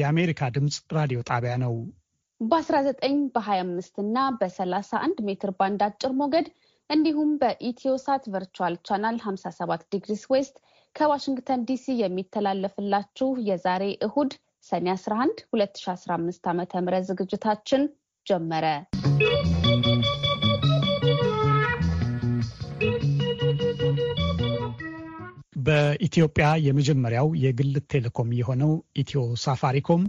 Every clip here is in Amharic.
የአሜሪካ ድምፅ ራዲዮ ጣቢያ ነው። በ19 በ25 እና በ31 ሜትር ባንድ አጭር ሞገድ እንዲሁም በኢትዮሳት ቨርቹዋል ቻናል 57 ዲግሪስ ዌስት ከዋሽንግተን ዲሲ የሚተላለፍላችሁ የዛሬ እሁድ ሰኔ 11 2015 ዓ ም ዝግጅታችን ጀመረ። በኢትዮጵያ የመጀመሪያው የግል ቴሌኮም የሆነው ኢትዮ ሳፋሪኮም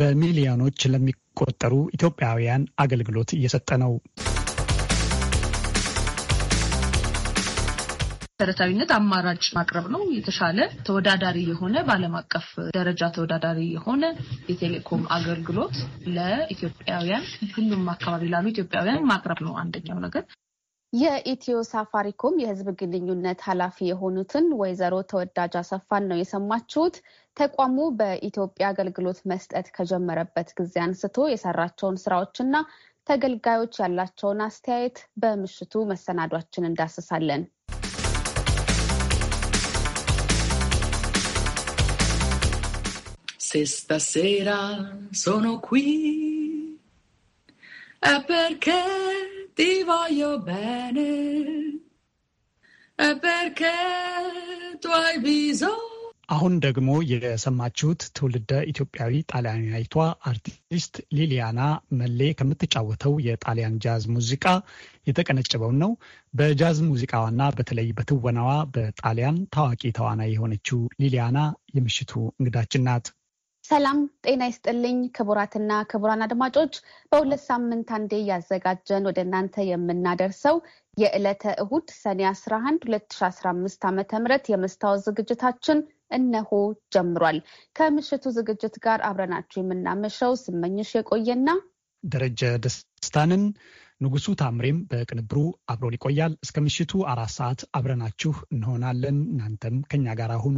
በሚሊዮኖች ለሚቆጠሩ ኢትዮጵያውያን አገልግሎት እየሰጠ ነው። መሰረታዊነት አማራጭ ማቅረብ ነው። የተሻለ ተወዳዳሪ የሆነ በዓለም አቀፍ ደረጃ ተወዳዳሪ የሆነ የቴሌኮም አገልግሎት ለኢትዮጵያውያን ሁሉም አካባቢ ላሉ ኢትዮጵያውያን ማቅረብ ነው አንደኛው ነገር። የኢትዮ ሳፋሪኮም የህዝብ ግንኙነት ኃላፊ የሆኑትን ወይዘሮ ተወዳጅ አሰፋን ነው የሰማችሁት። ተቋሙ በኢትዮጵያ አገልግሎት መስጠት ከጀመረበት ጊዜ አንስቶ የሰራቸውን ስራዎችና ተገልጋዮች ያላቸውን አስተያየት በምሽቱ መሰናዷችን እንዳስሳለን። ስታሴራ ሶኖ ኩ Ti voglio bene, perché tu hai bisogno አሁን ደግሞ የሰማችሁት ትውልደ ኢትዮጵያዊ ጣሊያናዊቷ አርቲስት ሊሊያና መሌ ከምትጫወተው የጣሊያን ጃዝ ሙዚቃ የተቀነጨበውን ነው። በጃዝ ሙዚቃዋና በተለይ በትወናዋ በጣሊያን ታዋቂ ተዋናይ የሆነችው ሊሊያና የምሽቱ እንግዳችን ናት። ሰላም ጤና ይስጥልኝ ክቡራትና ክቡራን አድማጮች በሁለት ሳምንት አንዴ እያዘጋጀን ወደ እናንተ የምናደርሰው የዕለተ እሁድ ሰኔ 11 2015 ዓ ም የመስታወት ዝግጅታችን እነሆ ጀምሯል። ከምሽቱ ዝግጅት ጋር አብረናችሁ የምናመሸው ስመኝሽ የቆየና ደረጀ ደስታንን፣ ንጉሱ ታምሬም በቅንብሩ አብሮን ይቆያል። እስከ ምሽቱ አራት ሰዓት አብረናችሁ እንሆናለን። እናንተም ከኛ ጋር አሁኑ።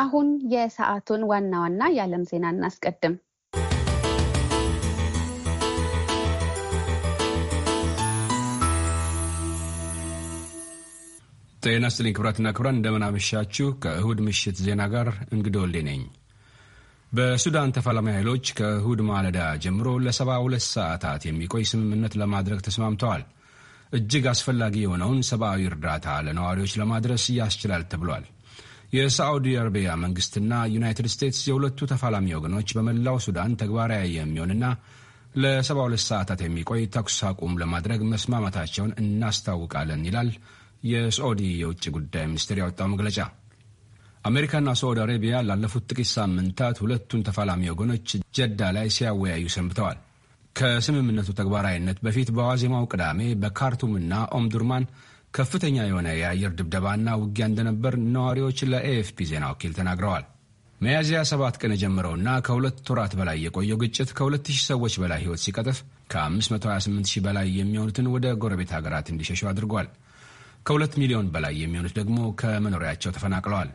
አሁን የሰዓቱን ዋና ዋና የዓለም ዜና እናስቀድም። ጤና ይስጥልኝ ክቡራትና ክቡራን፣ እንደምናመሻችሁ። ከእሁድ ምሽት ዜና ጋር እንግዶ ወልዴ ነኝ። በሱዳን ተፋላሚ ኃይሎች ከእሁድ ማለዳ ጀምሮ ለሰባ ሁለት ሰዓታት የሚቆይ ስምምነት ለማድረግ ተስማምተዋል። እጅግ አስፈላጊ የሆነውን ሰብአዊ እርዳታ ለነዋሪዎች ለማድረስ ያስችላል ተብሏል። የሳዑዲ አረቢያ መንግስትና ዩናይትድ ስቴትስ የሁለቱ ተፋላሚ ወገኖች በመላው ሱዳን ተግባራዊ የሚሆንና ለ72 ሰዓታት የሚቆይ ተኩስ አቁም ለማድረግ መስማማታቸውን እናስታውቃለን ይላል የሳዑዲ የውጭ ጉዳይ ሚኒስቴር ያወጣው መግለጫ። አሜሪካና ሳዑዲ አረቢያ ላለፉት ጥቂት ሳምንታት ሁለቱን ተፋላሚ ወገኖች ጀዳ ላይ ሲያወያዩ ሰንብተዋል። ከስምምነቱ ተግባራዊነት በፊት በዋዜማው ቅዳሜ በካርቱምና ኦምዱርማን ከፍተኛ የሆነ የአየር ድብደባና ውጊያ እንደነበር ነዋሪዎች ለኤኤፍፒ ዜና ወኪል ተናግረዋል። ሚያዝያ 7 ቀን የጀመረውና ከሁለት ወራት በላይ የቆየው ግጭት ከ2,000 ሰዎች በላይ ሕይወት ሲቀጥፍ ከ528,000 በላይ የሚሆኑትን ወደ ጎረቤት ሀገራት እንዲሸሹ አድርጓል። ከ2 ሚሊዮን በላይ የሚሆኑት ደግሞ ከመኖሪያቸው ተፈናቅለዋል።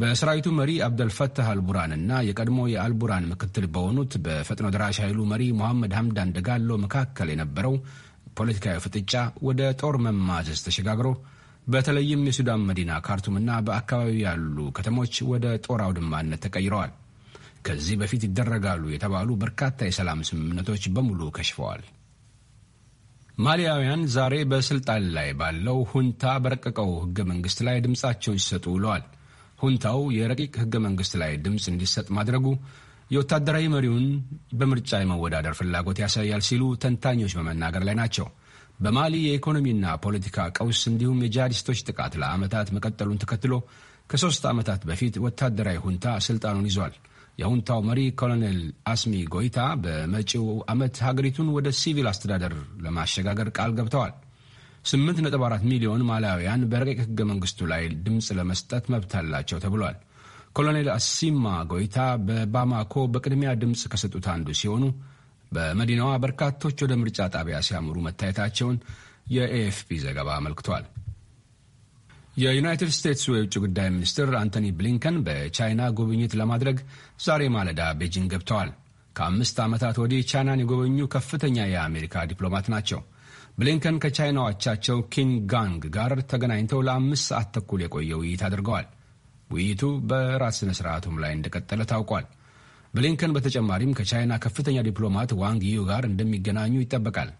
በሰራዊቱ መሪ አብደልፈታህ አልቡራን እና የቀድሞ የአልቡራን ምክትል በሆኑት በፈጥኖ ደራሽ ኃይሉ መሪ መሐመድ ሐምዳን ደጋሎ መካከል የነበረው ፖለቲካዊ ፍጥጫ ወደ ጦር መማዘዝ ተሸጋግሮ በተለይም የሱዳን መዲና ካርቱምና በአካባቢው ያሉ ከተሞች ወደ ጦር አውድማነት ተቀይረዋል። ከዚህ በፊት ይደረጋሉ የተባሉ በርካታ የሰላም ስምምነቶች በሙሉ ከሽፈዋል። ማሊያውያን ዛሬ በስልጣን ላይ ባለው ሁንታ በረቀቀው ህገ መንግስት ላይ ድምፃቸውን ሲሰጡ ውለዋል። ሁንታው የረቂቅ ሕገ መንግስት ላይ ድምፅ እንዲሰጥ ማድረጉ የወታደራዊ መሪውን በምርጫ የመወዳደር ፍላጎት ያሳያል ሲሉ ተንታኞች በመናገር ላይ ናቸው። በማሊ የኢኮኖሚና ፖለቲካ ቀውስ እንዲሁም የጂሃዲስቶች ጥቃት ለዓመታት መቀጠሉን ተከትሎ ከሦስት ዓመታት በፊት ወታደራዊ ሁንታ ስልጣኑን ይዟል። የሁንታው መሪ ኮሎኔል አስሚ ጎይታ በመጪው ዓመት ሀገሪቱን ወደ ሲቪል አስተዳደር ለማሸጋገር ቃል ገብተዋል። 8.4 ሚሊዮን ማላውያን በረቂቅ ሕገ መንግሥቱ ላይ ድምፅ ለመስጠት መብት አላቸው ተብሏል። ኮሎኔል አሲማ ጎይታ በባማኮ በቅድሚያ ድምፅ ከሰጡት አንዱ ሲሆኑ በመዲናዋ በርካቶች ወደ ምርጫ ጣቢያ ሲያምሩ መታየታቸውን የኤኤፍፒ ዘገባ አመልክቷል። የዩናይትድ ስቴትስ የውጭ ጉዳይ ሚኒስትር አንቶኒ ብሊንከን በቻይና ጉብኝት ለማድረግ ዛሬ ማለዳ ቤጂንግ ገብተዋል። ከአምስት ዓመታት ወዲህ ቻይናን የጎበኙ ከፍተኛ የአሜሪካ ዲፕሎማት ናቸው። ብሊንከን ከቻይናዎቻቸው ኪንግ ጋንግ ጋር ተገናኝተው ለአምስት ሰዓት ተኩል የቆየ ውይይት አድርገዋል። ውይይቱ በራት ስነ ስርዓቱም ላይ እንደቀጠለ ታውቋል። ብሊንከን በተጨማሪም ከቻይና ከፍተኛ ዲፕሎማት ዋንግ ዩ ጋር እንደሚገናኙ ይጠበቃል።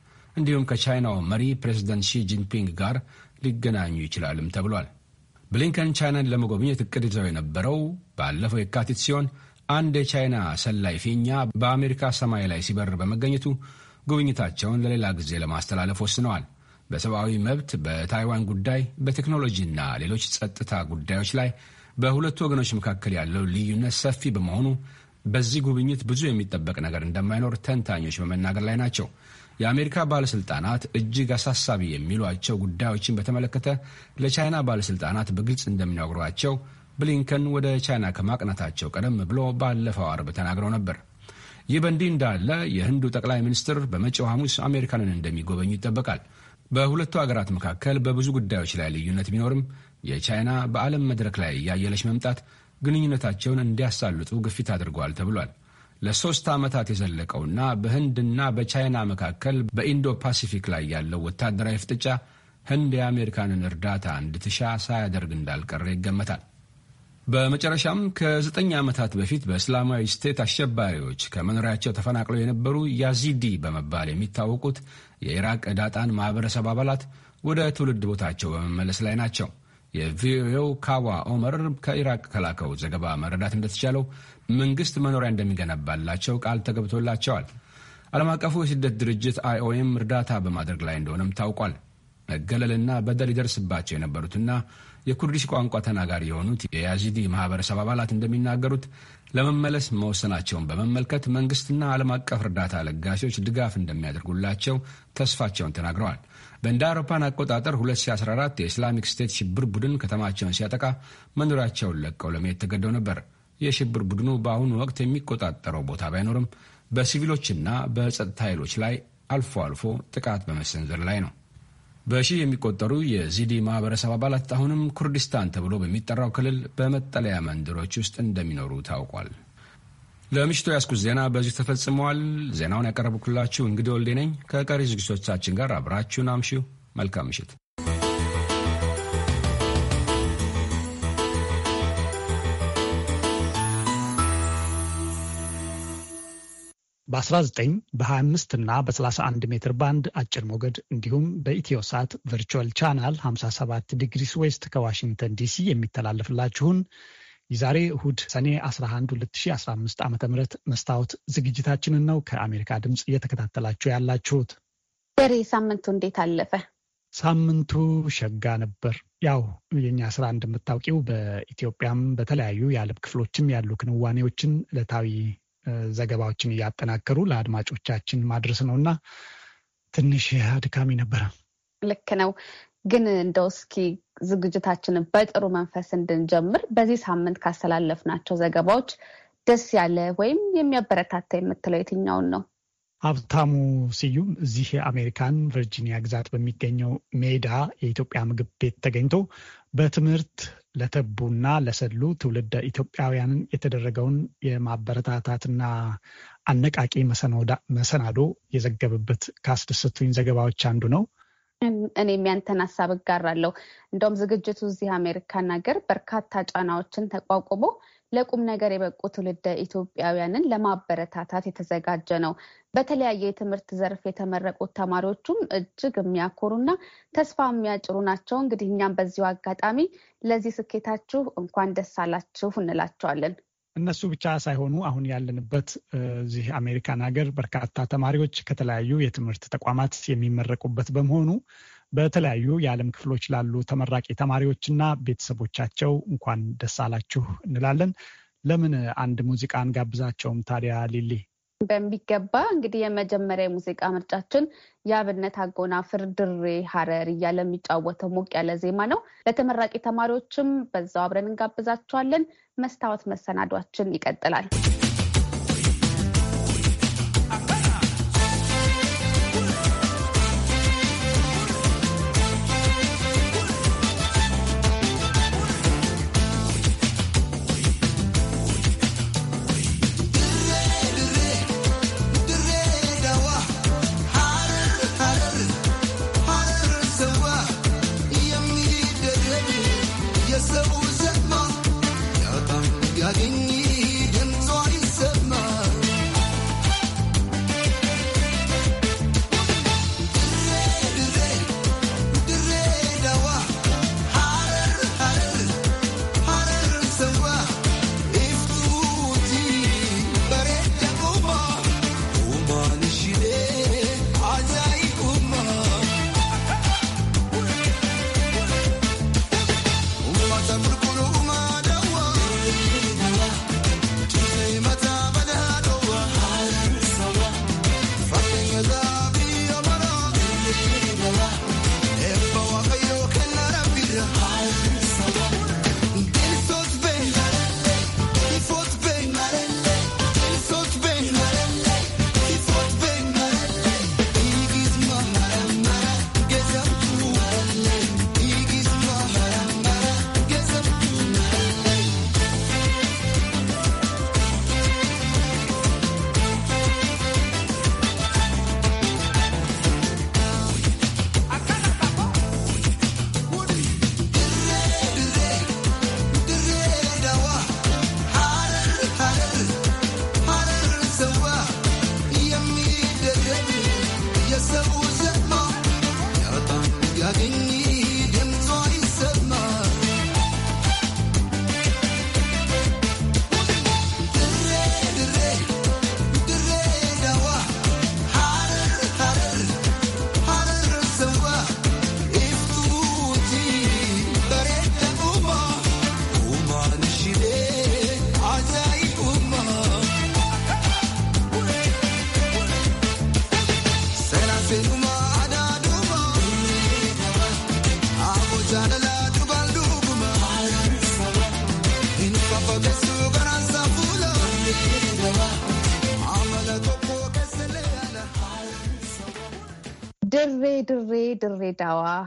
እንዲሁም ከቻይናው መሪ ፕሬዚደንት ሺ ጂንፒንግ ጋር ሊገናኙ ይችላልም ተብሏል። ብሊንከን ቻይናን ለመጎብኘት እቅድ ይዘው የነበረው ባለፈው የካቲት ሲሆን አንድ የቻይና ሰላይ ፊኛ በአሜሪካ ሰማይ ላይ ሲበር በመገኘቱ ጉብኝታቸውን ለሌላ ጊዜ ለማስተላለፍ ወስነዋል። በሰብአዊ መብት፣ በታይዋን ጉዳይ፣ በቴክኖሎጂና ሌሎች ጸጥታ ጉዳዮች ላይ በሁለቱ ወገኖች መካከል ያለው ልዩነት ሰፊ በመሆኑ በዚህ ጉብኝት ብዙ የሚጠበቅ ነገር እንደማይኖር ተንታኞች በመናገር ላይ ናቸው። የአሜሪካ ባለሥልጣናት እጅግ አሳሳቢ የሚሏቸው ጉዳዮችን በተመለከተ ለቻይና ባለሥልጣናት በግልጽ እንደሚነግሯቸው ብሊንከን ወደ ቻይና ከማቅናታቸው ቀደም ብሎ ባለፈው አርብ ተናግረው ነበር። ይህ በእንዲህ እንዳለ የህንዱ ጠቅላይ ሚኒስትር በመጪው ሐሙስ አሜሪካንን እንደሚጎበኙ ይጠበቃል። በሁለቱ አገራት መካከል በብዙ ጉዳዮች ላይ ልዩነት ቢኖርም የቻይና በዓለም መድረክ ላይ እያየለች መምጣት ግንኙነታቸውን እንዲያሳልጡ ግፊት አድርጓል ተብሏል። ለሶስት ዓመታት የዘለቀውና በህንድና በቻይና መካከል በኢንዶ ፓሲፊክ ላይ ያለው ወታደራዊ ፍጥጫ ህንድ የአሜሪካንን እርዳታ እንድትሻ ሳያደርግ እንዳልቀረ ይገመታል። በመጨረሻም ከዘጠኝ ዓመታት በፊት በእስላማዊ ስቴት አሸባሪዎች ከመኖሪያቸው ተፈናቅለው የነበሩ ያዚዲ በመባል የሚታወቁት የኢራቅ ዳጣን ማኅበረሰብ አባላት ወደ ትውልድ ቦታቸው በመመለስ ላይ ናቸው። የቪኦኤው ካዋ ኦመር ከኢራቅ ከላከው ዘገባ መረዳት እንደተቻለው መንግሥት መኖሪያ እንደሚገነባላቸው ቃል ተገብቶላቸዋል። ዓለም አቀፉ የስደት ድርጅት አይኦኤም እርዳታ በማድረግ ላይ እንደሆነም ታውቋል። መገለልና በደል ይደርስባቸው የነበሩትና የኩርዲሽ ቋንቋ ተናጋሪ የሆኑት የያዚዲ ማህበረሰብ አባላት እንደሚናገሩት ለመመለስ መወሰናቸውን በመመልከት መንግስትና ዓለም አቀፍ እርዳታ ለጋሾች ድጋፍ እንደሚያደርጉላቸው ተስፋቸውን ተናግረዋል። በእንደ አውሮፓን አቆጣጠር 2014 የኢስላሚክ ስቴት ሽብር ቡድን ከተማቸውን ሲያጠቃ መኖሪያቸውን ለቀው ለመሄድ ተገደው ነበር። የሽብር ቡድኑ በአሁኑ ወቅት የሚቆጣጠረው ቦታ ባይኖርም በሲቪሎችና በጸጥታ ኃይሎች ላይ አልፎ አልፎ ጥቃት በመሰንዘር ላይ ነው። በሺህ የሚቆጠሩ የዚዲ ማህበረሰብ አባላት አሁንም ኩርዲስታን ተብሎ በሚጠራው ክልል በመጠለያ መንደሮች ውስጥ እንደሚኖሩ ታውቋል። ለምሽቱ ያስኩት ዜና በዚሁ ተፈጽመዋል። ዜናውን ያቀረብኩላችሁ እንግዲህ ወልዴ ነኝ። ከቀሪ ዝግጅቶቻችን ጋር አብራችሁን አምሺው። መልካም ምሽት። በ19 በ25 እና በ31 ሜትር ባንድ አጭር ሞገድ እንዲሁም ሳት ቨርቹዋል ቻናል 57 ዲግሪስ ዌስት ከዋሽንግተን ዲሲ የሚተላለፍላችሁን የዛሬ እሁድ ሰኔ 11 2015 ዓ ም መስታወት ዝግጅታችንን ነው ከአሜሪካ ድምፅ እየተከታተላችሁ ያላችሁት። ሬ ሳምንቱ እንዴት አለፈ? ሳምንቱ ሸጋ ነበር። ያው የኛ ስራ እንደምታውቂው በኢትዮጵያም በተለያዩ የዓለም ክፍሎችም ያሉ ክንዋኔዎችን ዕለታዊ ዘገባዎችን እያጠናከሩ ለአድማጮቻችን ማድረስ ነው እና ትንሽ አድካሚ ነበረ። ልክ ነው። ግን እንደው እስኪ ዝግጅታችንን በጥሩ መንፈስ እንድንጀምር በዚህ ሳምንት ካስተላለፍናቸው ዘገባዎች ደስ ያለ ወይም የሚያበረታታ የምትለው የትኛውን ነው? ሀብታሙ ስዩም እዚህ የአሜሪካን ቨርጂኒያ ግዛት በሚገኘው ሜዳ የኢትዮጵያ ምግብ ቤት ተገኝቶ በትምህርት ለተቡና ለሰሉ ትውልደ ኢትዮጵያውያንን የተደረገውን የማበረታታትና አነቃቂ መሰናዶ የዘገበበት ካስደሰቱኝ ዘገባዎች አንዱ ነው። እኔ የሚያንተን ሀሳብ እጋራለሁ። እንደውም ዝግጅቱ እዚህ አሜሪካን ሀገር በርካታ ጫናዎችን ተቋቁሞ ለቁም ነገር የበቁ ትውልደ ኢትዮጵያውያንን ለማበረታታት የተዘጋጀ ነው። በተለያየ የትምህርት ዘርፍ የተመረቁት ተማሪዎቹም እጅግ የሚያኮሩና ተስፋ የሚያጭሩ ናቸው። እንግዲህ እኛም በዚሁ አጋጣሚ ለዚህ ስኬታችሁ እንኳን ደስ አላችሁ እንላቸዋለን። እነሱ ብቻ ሳይሆኑ አሁን ያለንበት እዚህ አሜሪካን ሀገር በርካታ ተማሪዎች ከተለያዩ የትምህርት ተቋማት የሚመረቁበት በመሆኑ በተለያዩ የዓለም ክፍሎች ላሉ ተመራቂ ተማሪዎችና ቤተሰቦቻቸው እንኳን ደስ አላችሁ እንላለን። ለምን አንድ ሙዚቃ አንጋብዛቸውም ታዲያ ሊሊ? በሚገባ እንግዲህ የመጀመሪያ የሙዚቃ ምርጫችን የአብነት አጎናፍር ድሬ ሀረር እያለ የሚጫወተው ሞቅ ያለ ዜማ ነው። ለተመራቂ ተማሪዎችም በዛው አብረን እንጋብዛቸዋለን። መስታወት መሰናዷችን ይቀጥላል።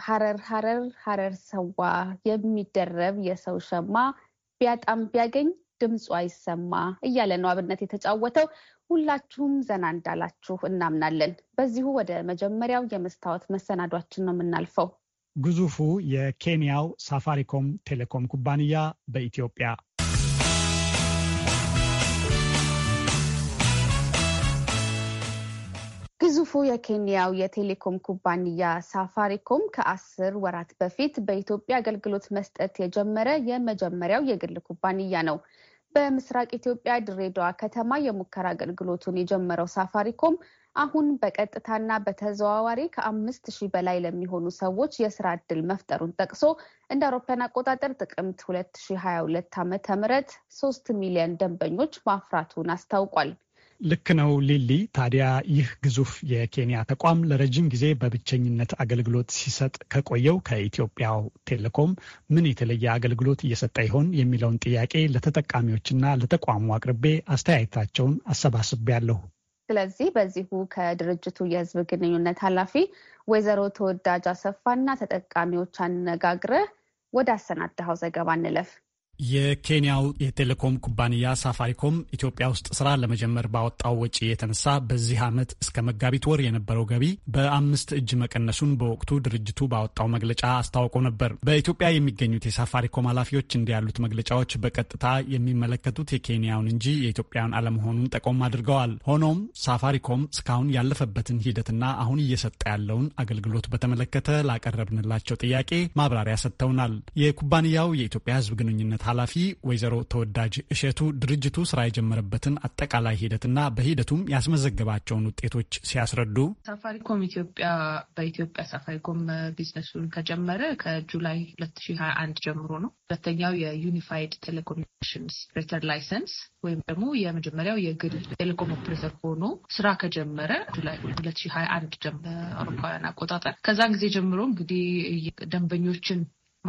ሀረር ሀረር ሀረር ሰዋ የሚደረብ የሰው ሸማ ቢያጣም ቢያገኝ ድምፁ አይሰማ እያለ ነው አብነት የተጫወተው። ሁላችሁም ዘና እንዳላችሁ እናምናለን። በዚሁ ወደ መጀመሪያው የመስታወት መሰናዷችን ነው የምናልፈው። ግዙፉ የኬንያው ሳፋሪኮም ቴሌኮም ኩባንያ በኢትዮጵያ ግዙፉ የኬንያው የቴሌኮም ኩባንያ ሳፋሪኮም ከአስር ወራት በፊት በኢትዮጵያ አገልግሎት መስጠት የጀመረ የመጀመሪያው የግል ኩባንያ ነው። በምስራቅ ኢትዮጵያ ድሬዳዋ ከተማ የሙከራ አገልግሎቱን የጀመረው ሳፋሪኮም አሁን በቀጥታና በተዘዋዋሪ ከአምስት ሺህ በላይ ለሚሆኑ ሰዎች የስራ እድል መፍጠሩን ጠቅሶ እንደ አውሮፓውያን አቆጣጠር ጥቅምት 2022 ዓ.ም ሶስት ሚሊዮን ደንበኞች ማፍራቱን አስታውቋል። ልክ ነው ሊሊ። ታዲያ ይህ ግዙፍ የኬንያ ተቋም ለረጅም ጊዜ በብቸኝነት አገልግሎት ሲሰጥ ከቆየው ከኢትዮጵያው ቴሌኮም ምን የተለየ አገልግሎት እየሰጠ ይሆን የሚለውን ጥያቄ ለተጠቃሚዎችና ለተቋሙ አቅርቤ አስተያየታቸውን አሰባስቤያለሁ። ስለዚህ በዚሁ ከድርጅቱ የህዝብ ግንኙነት ኃላፊ ወይዘሮ ተወዳጅ አሰፋና ተጠቃሚዎች አነጋግረህ ወደ አሰናዳኸው ዘገባ እንለፍ። የኬንያው የቴሌኮም ኩባንያ ሳፋሪኮም ኢትዮጵያ ውስጥ ስራ ለመጀመር ባወጣው ወጪ የተነሳ በዚህ ዓመት እስከ መጋቢት ወር የነበረው ገቢ በአምስት እጅ መቀነሱን በወቅቱ ድርጅቱ ባወጣው መግለጫ አስታውቆ ነበር። በኢትዮጵያ የሚገኙት የሳፋሪኮም ኃላፊዎች እንዲህ ያሉት መግለጫዎች በቀጥታ የሚመለከቱት የኬንያውን እንጂ የኢትዮጵያን አለመሆኑን ጠቆም አድርገዋል። ሆኖም ሳፋሪኮም እስካሁን ያለፈበትን ሂደትና አሁን እየሰጠ ያለውን አገልግሎት በተመለከተ ላቀረብንላቸው ጥያቄ ማብራሪያ ሰጥተውናል። የኩባንያው የኢትዮጵያ ሕዝብ ግንኙነት ኃላፊ ወይዘሮ ተወዳጅ እሸቱ ድርጅቱ ስራ የጀመረበትን አጠቃላይ ሂደትና በሂደቱም ያስመዘገባቸውን ውጤቶች ሲያስረዱ ሳፋሪኮም ኢትዮጵያ በኢትዮጵያ ሳፋሪኮም ቢዝነሱን ከጀመረ ከጁላይ 2021 ጀምሮ ነው። ሁለተኛው የዩኒፋይድ ቴሌኮሚኒኬሽን ኦፕሬተር ላይሰንስ ወይም ደግሞ የመጀመሪያው የግል ቴሌኮም ኦፕሬተር ሆኖ ስራ ከጀመረ ጁላይ 2021 አውሮፓውያን አቆጣጠር ከዛን ጊዜ ጀምሮ እንግዲህ ደንበኞችን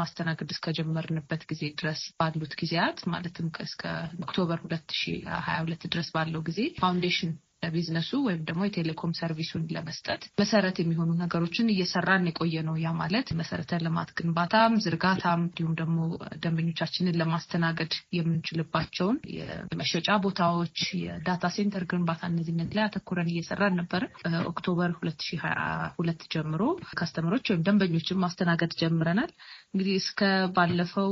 ማስተናገድ እስከጀመርንበት ጊዜ ድረስ ባሉት ጊዜያት ማለትም እስከ ኦክቶበር ሁለት ሺ ሀያ ሁለት ድረስ ባለው ጊዜ ፋውንዴሽን ለቢዝነሱ ወይም ደግሞ የቴሌኮም ሰርቪሱን ለመስጠት መሰረት የሚሆኑ ነገሮችን እየሰራን የቆየ ነው። ያ ማለት መሰረተ ልማት ግንባታም፣ ዝርጋታም እንዲሁም ደግሞ ደንበኞቻችንን ለማስተናገድ የምንችልባቸውን የመሸጫ ቦታዎች፣ የዳታ ሴንተር ግንባታ እነዚህነት ላይ አተኩረን እየሰራን ነበር። ኦክቶበር ሁለት ሺህ ሀያ ሁለት ጀምሮ ከስተመሮች ወይም ደንበኞችን ማስተናገድ ጀምረናል። እንግዲህ እስከ ባለፈው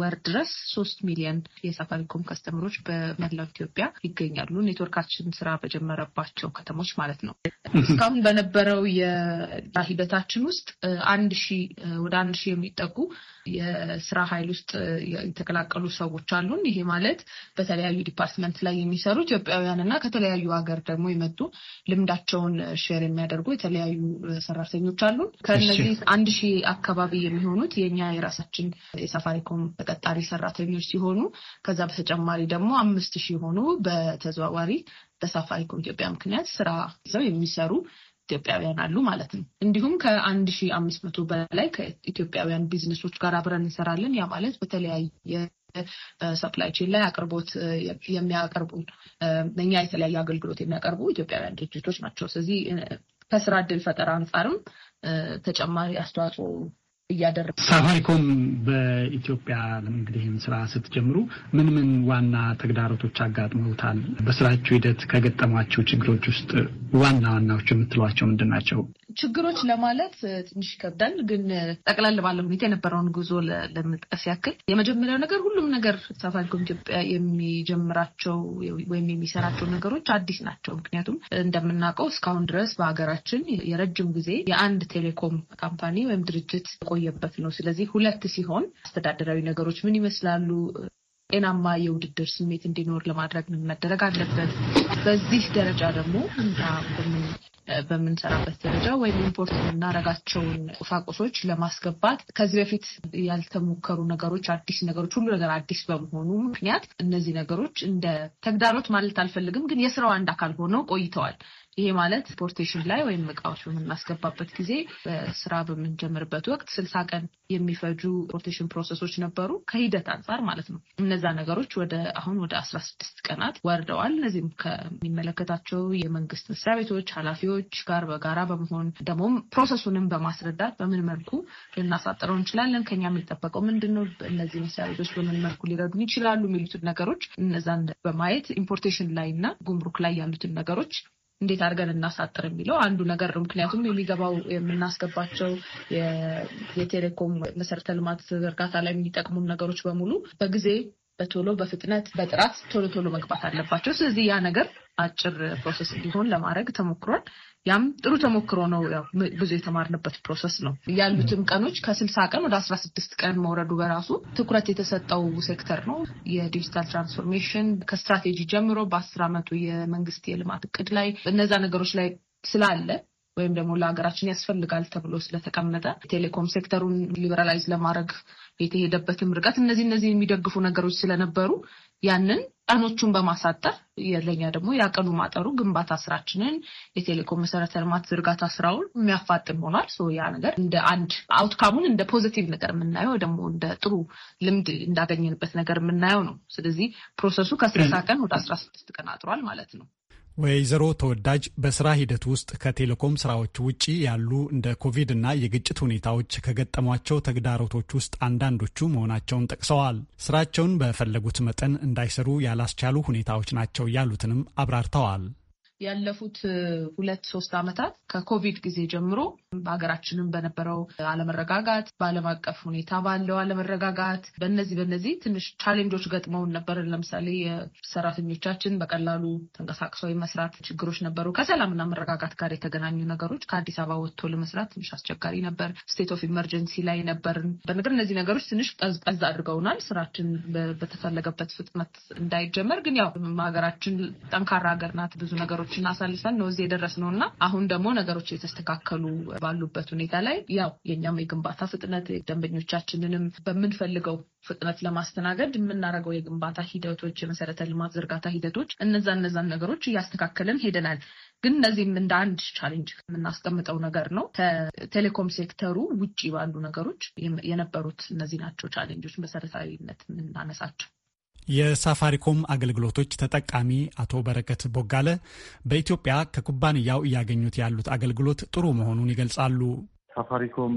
ወር ድረስ ሶስት ሚሊዮን የሳፋሪኮም ከስተመሮች በመላው ኢትዮጵያ ይገኛሉ። ኔትወርካችን ስራ በጀመ የተጀመረባቸው ከተሞች ማለት ነው። እስካሁን በነበረው የሂደታችን ውስጥ አንድ ሺህ ወደ አንድ ሺህ የሚጠጉ የስራ ኃይል ውስጥ የተቀላቀሉ ሰዎች አሉን። ይሄ ማለት በተለያዩ ዲፓርትመንት ላይ የሚሰሩ ኢትዮጵያውያን እና ከተለያዩ ሀገር ደግሞ የመጡ ልምዳቸውን ሼር የሚያደርጉ የተለያዩ ሰራተኞች አሉን። ከነዚህ አንድ ሺህ አካባቢ የሚሆኑት የኛ የራሳችን የሳፋሪኮም ተቀጣሪ ሰራተኞች ሲሆኑ ከዛ በተጨማሪ ደግሞ አምስት ሺህ የሆኑ በተዘዋዋሪ በሳፋሪኮም ኢትዮጵያ ምክንያት ስራ ይዘው የሚሰሩ ኢትዮጵያውያን አሉ ማለት ነው። እንዲሁም ከአንድ ሺ አምስት መቶ በላይ ከኢትዮጵያውያን ቢዝነሶች ጋር አብረን እንሰራለን። ያ ማለት በተለያየ ሰፕላይ ቼን ላይ አቅርቦት የሚያቀርቡ እኛ የተለያየ አገልግሎት የሚያቀርቡ ኢትዮጵያውያን ድርጅቶች ናቸው። ስለዚህ ከስራ እድል ፈጠራ አንጻርም ተጨማሪ አስተዋጽኦ እያደረገ ሳፋሪኮም በኢትዮጵያ እንግዲህ ስራ ስትጀምሩ ምን ምን ዋና ተግዳሮቶች አጋጥመውታል? በስራችሁ ሂደት ከገጠሟቸው ችግሮች ውስጥ ዋና ዋናዎች የምትሏቸው ምንድን ናቸው? ችግሮች ለማለት ትንሽ ይከብዳል፣ ግን ጠቅላል ባለ ሁኔታ የነበረውን ጉዞ ለመጥቀስ ያክል የመጀመሪያው ነገር ሁሉም ነገር ሳፋሪኮም ኢትዮጵያ የሚጀምራቸው ወይም የሚሰራቸው ነገሮች አዲስ ናቸው። ምክንያቱም እንደምናውቀው እስካሁን ድረስ በሀገራችን የረጅም ጊዜ የአንድ ቴሌኮም ካምፓኒ ወይም ድርጅት የቆየበት ነው። ስለዚህ ሁለት ሲሆን አስተዳደራዊ ነገሮች ምን ይመስላሉ፣ ጤናማ የውድድር ስሜት እንዲኖር ለማድረግ ምን መደረግ አለበት፣ በዚህ ደረጃ ደግሞ በምንሰራበት ደረጃ ወይም ኢምፖርት የምናደርጋቸውን ቁሳቁሶች ለማስገባት ከዚህ በፊት ያልተሞከሩ ነገሮች፣ አዲስ ነገሮች፣ ሁሉ ነገር አዲስ በመሆኑ ምክንያት እነዚህ ነገሮች እንደ ተግዳሮት ማለት አልፈልግም፣ ግን የስራው አንድ አካል ሆነው ቆይተዋል። ይሄ ማለት ኢምፖርቴሽን ላይ ወይም እቃዎች በምናስገባበት ጊዜ ስራ በምንጀምርበት ወቅት ስልሳ ቀን የሚፈጁ ኢምፖርቴሽን ፕሮሰሶች ነበሩ፣ ከሂደት አንጻር ማለት ነው። እነዛ ነገሮች ወደ አሁን ወደ አስራ ስድስት ቀናት ወርደዋል። እነዚህም ከሚመለከታቸው የመንግስት መስሪያ ቤቶች ኃላፊዎች ጋር በጋራ በመሆን ደግሞም ፕሮሰሱንም በማስረዳት በምን መልኩ ልናሳጥረው እንችላለን፣ ከኛ የሚጠበቀው ምንድን ነው፣ እነዚህ መስሪያ ቤቶች በምን መልኩ ሊረዱን ይችላሉ የሚሉትን ነገሮች እነዛን በማየት ኢምፖርቴሽን ላይ እና ጉምሩክ ላይ ያሉትን ነገሮች እንዴት አድርገን እናሳጥር የሚለው አንዱ ነገር ነው። ምክንያቱም የሚገባው የምናስገባቸው የቴሌኮም መሰረተ ልማት እርጋታ ላይ የሚጠቅሙን ነገሮች በሙሉ በጊዜ በቶሎ በፍጥነት በጥራት ቶሎ ቶሎ መግባት አለባቸው። ስለዚህ ያ ነገር አጭር ፕሮሰስ እንዲሆን ለማድረግ ተሞክሯል። ያም ጥሩ ተሞክሮ ነው። ያው ብዙ የተማርንበት ፕሮሰስ ነው። ያሉትም ቀኖች ከስልሳ ቀን ወደ አስራ ስድስት ቀን መውረዱ በራሱ ትኩረት የተሰጠው ሴክተር ነው። የዲጂታል ትራንስፎርሜሽን ከስትራቴጂ ጀምሮ በአስር ዓመቱ የመንግስት የልማት እቅድ ላይ እነዛ ነገሮች ላይ ስላለ ወይም ደግሞ ለሀገራችን ያስፈልጋል ተብሎ ስለተቀመጠ ቴሌኮም ሴክተሩን ሊበራላይዝ ለማድረግ የተሄደበትም ርቀት እነዚህ እነዚህ የሚደግፉ ነገሮች ስለነበሩ ያንን ቀኖቹን በማሳጠር ለኛ ደግሞ የአቀኑ ማጠሩ ግንባታ ስራችንን የቴሌኮም መሰረተ ልማት ዝርጋታ ስራውን የሚያፋጥን ሆኗል። ያ ነገር እንደ አንድ አውትካሙን እንደ ፖዘቲቭ ነገር የምናየው ደግሞ እንደ ጥሩ ልምድ እንዳገኘንበት ነገር የምናየው ነው። ስለዚህ ፕሮሰሱ ከስልሳ ቀን ወደ አስራ ስድስት ቀን አጥሯል ማለት ነው። ወይዘሮ ተወዳጅ በስራ ሂደት ውስጥ ከቴሌኮም ስራዎች ውጪ ያሉ እንደ ኮቪድ እና የግጭት ሁኔታዎች ከገጠሟቸው ተግዳሮቶች ውስጥ አንዳንዶቹ መሆናቸውን ጠቅሰዋል። ስራቸውን በፈለጉት መጠን እንዳይሰሩ ያላስቻሉ ሁኔታዎች ናቸው ያሉትንም አብራርተዋል። ያለፉት ሁለት ሶስት አመታት ከኮቪድ ጊዜ ጀምሮ በሀገራችንም በነበረው አለመረጋጋት፣ በአለም አቀፍ ሁኔታ ባለው አለመረጋጋት በነዚህ በነዚህ ትንሽ ቻሌንጆች ገጥመውን ነበር። ለምሳሌ የሰራተኞቻችን በቀላሉ ተንቀሳቅሰው የመስራት ችግሮች ነበሩ። ከሰላምና መረጋጋት ጋር የተገናኙ ነገሮች ከአዲስ አበባ ወጥቶ ለመስራት ትንሽ አስቸጋሪ ነበር። ስቴት ኦፍ ኢመርጀንሲ ላይ ነበርን። በነገር እነዚህ ነገሮች ትንሽ ቀዝቀዝ አድርገውናል። ስራችን በተፈለገበት ፍጥነት እንዳይጀመር ግን ያው ሀገራችን ጠንካራ ሀገር ናት። ብዙ ነገሮች ነገሮችን አሳልፈን ነው እዚህ ነው እና አሁን ደግሞ ነገሮች የተስተካከሉ ባሉበት ሁኔታ ላይ ያው የእኛም የግንባታ ፍጥነት ደንበኞቻችንንም በምንፈልገው ፍጥነት ለማስተናገድ የምናደርገው የግንባታ ሂደቶች፣ የመሰረተ ልማት ዝርጋታ ሂደቶች እነዛ እነዛን ነገሮች እያስተካከልን ሄደናል። ግን እነዚህም እንደ አንድ ቻሌንጅ የምናስቀምጠው ነገር ነው። ከቴሌኮም ሴክተሩ ውጭ ባሉ ነገሮች የነበሩት እነዚህ ናቸው ቻሌንጆች መሰረታዊነት የምናነሳቸው። የሳፋሪኮም አገልግሎቶች ተጠቃሚ አቶ በረከት ቦጋለ በኢትዮጵያ ከኩባንያው እያገኙት ያሉት አገልግሎት ጥሩ መሆኑን ይገልጻሉ። ሳፋሪኮም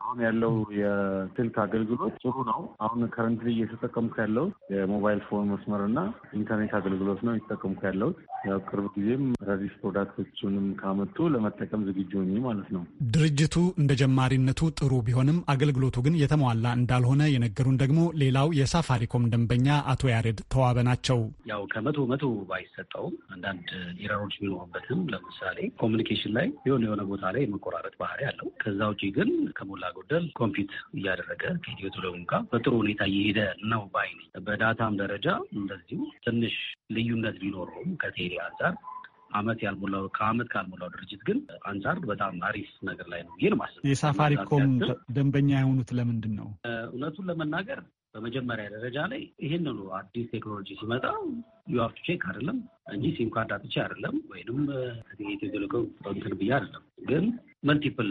አሁን ያለው የስልክ አገልግሎት ጥሩ ነው። አሁን ከረንትሊ እየተጠቀምኩ ያለው የሞባይል ፎን መስመር እና ኢንተርኔት አገልግሎት ነው እየተጠቀምኩ ያለው። ያው ቅርብ ጊዜም ረዚስ ፕሮዳክቶቹንም ካመጡ ለመጠቀም ዝግጁ ሆኜ ማለት ነው። ድርጅቱ እንደ ጀማሪነቱ ጥሩ ቢሆንም አገልግሎቱ ግን የተሟላ እንዳልሆነ የነገሩን ደግሞ ሌላው የሳፋሪኮም ደንበኛ አቶ ያሬድ ተዋበ ናቸው። ያው ከመቶ መቶ ባይሰጠውም አንዳንድ ኢረሮች ቢኖሩበትም ለምሳሌ ኮሚኒኬሽን ላይ የሆነ የሆነ ቦታ ላይ የመቆራረጥ ባህሪ አለው። ከዛ ውጪ ግን ከሞላ ጎደል ኮምፒት እያደረገ ከኢትዮ ቴሌኮም ጋር በጥሩ ሁኔታ እየሄደ ነው ባይ ነኝ። በዳታም ደረጃ እንደዚሁ ትንሽ ልዩነት ቢኖረውም ከቴሌ አንጻር አመት ያልሞላው ከአመት ካልሞላው ድርጅት ግን አንጻር በጣም አሪፍ ነገር ላይ ነው ይል ማለት የሳፋሪኮም ደንበኛ የሆኑት ለምንድን ነው? እውነቱን ለመናገር በመጀመሪያ ደረጃ ላይ ይህን አዲስ ቴክኖሎጂ ሲመጣ ዩአርቱ ቼክ አይደለም እንጂ ሲም ካርድ አጥቼ አይደለም ወይንም ኢትዮ ቴሌኮም እንትን ብዬ አይደለም ግን መልቲፕል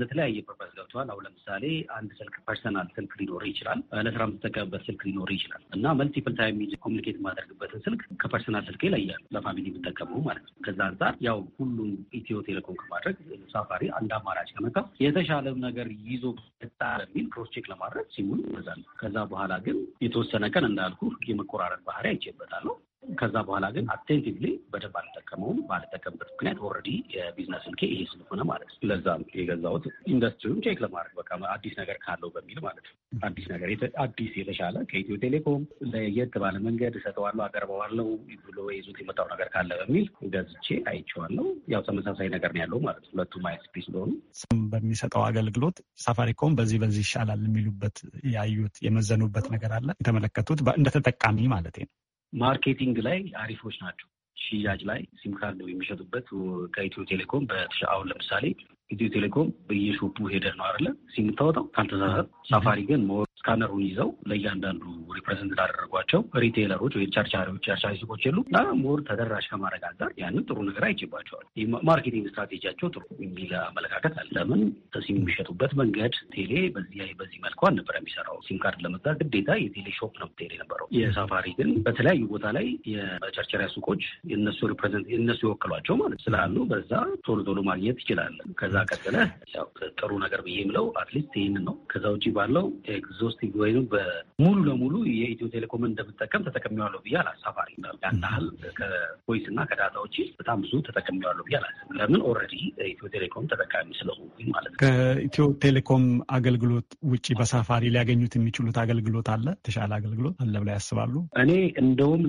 ለተለያየ ፐርፐስ ገብተዋል። አሁን ለምሳሌ አንድ ስልክ ፐርሰናል ስልክ ሊኖር ይችላል፣ ለስራ የምትጠቀምበት ስልክ ሊኖር ይችላል እና መልቲፕል ታይም ኮሚኒኬት የማደርግበትን ስልክ ከፐርሰናል ስልክ ይለያል፣ ለፋሚሊ የምጠቀመው ማለት ነው። ከዛ አንጻር ያው ሁሉም ኢትዮ ቴሌኮም ከማድረግ ሳፋሪ አንድ አማራጭ ከመጣ የተሻለም ነገር ይዞ መጣ በሚል ለማድረግ ሲሙን ይበዛል። ከዛ በኋላ ግን የተወሰነ ቀን እንዳልኩ የመቆራረጥ ባህሪ አይቼበታለሁ። ከዛ በኋላ ግን አቴንቲቭሊ በደንብ አልጠቀመውም። ባልጠቀምበት ምክንያት ኦልሬዲ የቢዝነስ ስልኬ ይሄ ስለሆነ ማለት ነው። ለዛም የገዛሁት ኢንዱስትሪውን ቼክ ለማድረግ በቃ አዲስ ነገር ካለው በሚል ማለት ነው። አዲስ ነገር አዲስ የተሻለ ከኢትዮ ቴሌኮም ለየት ባለ መንገድ እሰጠዋለሁ፣ አቀርበዋለሁ ብሎ ይዞት የመጣው ነገር ካለ በሚል ገዝቼ አይቼዋለሁ። ያው ተመሳሳይ ነገር ነው ያለው ማለት ነው። ሁለቱም አይስፒ ስለሆኑ ስም በሚሰጠው አገልግሎት ሳፋሪኮም በዚህ በዚህ ይሻላል የሚሉበት ያዩት የመዘኑበት ነገር አለ የተመለከቱት እንደ ተጠቃሚ ማለት ነው። ማርኬቲንግ ላይ አሪፎች ናቸው። ሽያጭ ላይ ሲም ካርድ የሚሸጡበት ከኢትዮ ቴሌኮም አሁን ለምሳሌ ኢትዮ ቴሌኮም በየሾፑ ሄደህ ነው አይደለ የምታወጣው? ካልተሳሳት ሳፋሪ ግን ሞር ስካነሩን ይዘው ለእያንዳንዱ ሪፕሬዘንት ላደረጓቸው ሪቴይለሮች ወይ ቻርቻሪዎች ቻርቻሪ ሱቆች የሉ እና ሞር ተደራሽ ከማድረግ አንጻር ያንን ጥሩ ነገር አይችባቸዋል። ማርኬቲንግ ስትራቴጂያቸው ጥሩ የሚል አመለካከት አለ። ለምን ሲም የሚሸጡበት መንገድ ቴሌ በዚህ በዚህ መልኩ አልነበረ የሚሰራው። ሲም ካርድ ለመግዛት ግዴታ የቴሌ ሾፕ ነው ቴሌ ነበረው። የሳፋሪ ግን በተለያዩ ቦታ ላይ የቸርቻሪያ ሱቆች እነሱ ሪፕሬዘንት እነሱ ይወክሏቸው ማለት ስላሉ በዛ ቶሎ ቶሎ ማግኘት ይችላል ከዛ ቀጥለ ያው ጥሩ ነገር ብዬ የምለው አትሊስት ይህንን ነው። ከዛ ውጭ ባለው ኤግዞስቲቭ ወይም በሙሉ ለሙሉ የኢትዮ ቴሌኮም እንደምጠቀም ተጠቀሚዋለሁ ብዬ አላሳፋሪ ያናህል ከቮይስ እና ከዳታ ውጭ በጣም ብዙ ተጠቀሚዋለሁ ብዬ አላስብም። ለምን ኦልሬዲ ኢትዮ ቴሌኮም ተጠቃሚ ስለሆንኩኝ ማለት ነው። ከኢትዮ ቴሌኮም አገልግሎት ውጭ በሳፋሪ ሊያገኙት የሚችሉት አገልግሎት አለ፣ የተሻለ አገልግሎት አለ ብላ ያስባሉ? እኔ እንደውም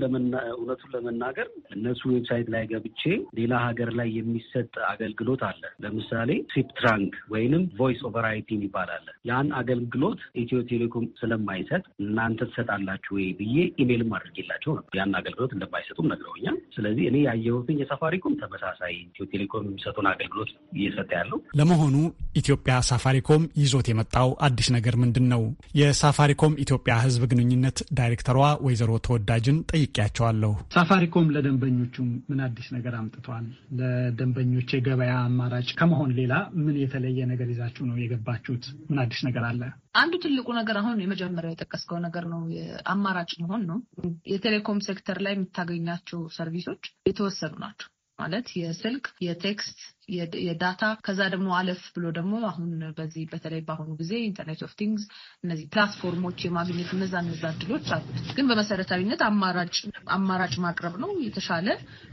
እውነቱን ለመናገር እነሱ ዌብሳይት ላይ ገብቼ ሌላ ሀገር ላይ የሚሰጥ አገልግሎት አለ። ለምሳሌ ሲፕትራንክ ወይንም ቮይስ ኦቨር አይፒ ይባላል። ያን አገልግሎት ኢትዮ ቴሌኮም ስለማይሰጥ እናንተ ትሰጣላችሁ ወይ ብዬ ኢሜልም አድርጌላቸው ነበር። ያን አገልግሎት እንደማይሰጡም ነግረውኛል። ስለዚህ እኔ ያየሁትን የሳፋሪኮም ተመሳሳይ ኢትዮ ቴሌኮም የሚሰጡን አገልግሎት እየሰጠ ያለው። ለመሆኑ ኢትዮጵያ ሳፋሪኮም ይዞት የመጣው አዲስ ነገር ምንድን ነው? የሳፋሪኮም ኢትዮጵያ ህዝብ ግንኙነት ዳይሬክተሯ ወይዘሮ ተወዳጅን ጠይቄያቸዋለሁ። ሳፋሪኮም ለደንበኞቹም ምን አዲስ ነገር አምጥቷል? ለደንበኞች የገበያ አማራጭ ከመሆን ሌላ ምን የተለየ ነገር ይዛችሁ ነው የገባችሁት? ምን አዲስ ነገር አለ? አንዱ ትልቁ ነገር አሁን የመጀመሪያው የጠቀስከው ነገር ነው፣ አማራጭ መሆን ነው። የቴሌኮም ሴክተር ላይ የምታገኛቸው ሰርቪሶች የተወሰኑ ናቸው። ማለት የስልክ፣ የቴክስት፣ የዳታ ከዛ ደግሞ አለፍ ብሎ ደግሞ አሁን በዚህ በተለይ በአሁኑ ጊዜ ኢንተርኔት ኦፍ ቲንግስ እነዚህ ፕላትፎርሞች የማግኘት እነዛ እነዛ እድሎች አሉ። ግን በመሰረታዊነት አማራጭ አማራጭ ማቅረብ ነው የተሻለ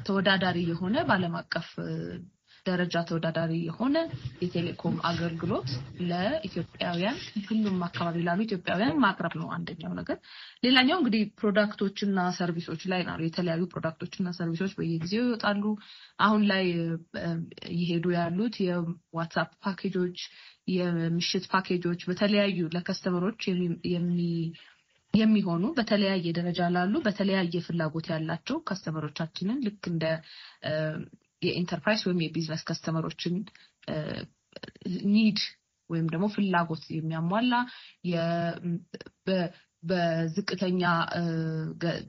ተወዳዳሪ የሆነ በዓለም አቀፍ ደረጃ ተወዳዳሪ የሆነ የቴሌኮም አገልግሎት ለኢትዮጵያውያን ሁሉም አካባቢ ላሉ ኢትዮጵያውያን ማቅረብ ነው አንደኛው ነገር። ሌላኛው እንግዲህ ፕሮዳክቶችና ሰርቪሶች ላይ ነው። የተለያዩ ፕሮዳክቶችና ሰርቪሶች በየጊዜው ይወጣሉ። አሁን ላይ እየሄዱ ያሉት የዋትሳፕ ፓኬጆች፣ የምሽት ፓኬጆች በተለያዩ ለከስተመሮች የሚ የሚሆኑ በተለያየ ደረጃ ላሉ በተለያየ ፍላጎት ያላቸው ከስተመሮቻችንን ልክ እንደ የኢንተርፕራይዝ ወይም የቢዝነስ ከስተመሮችን ኒድ ወይም ደግሞ ፍላጎት የሚያሟላ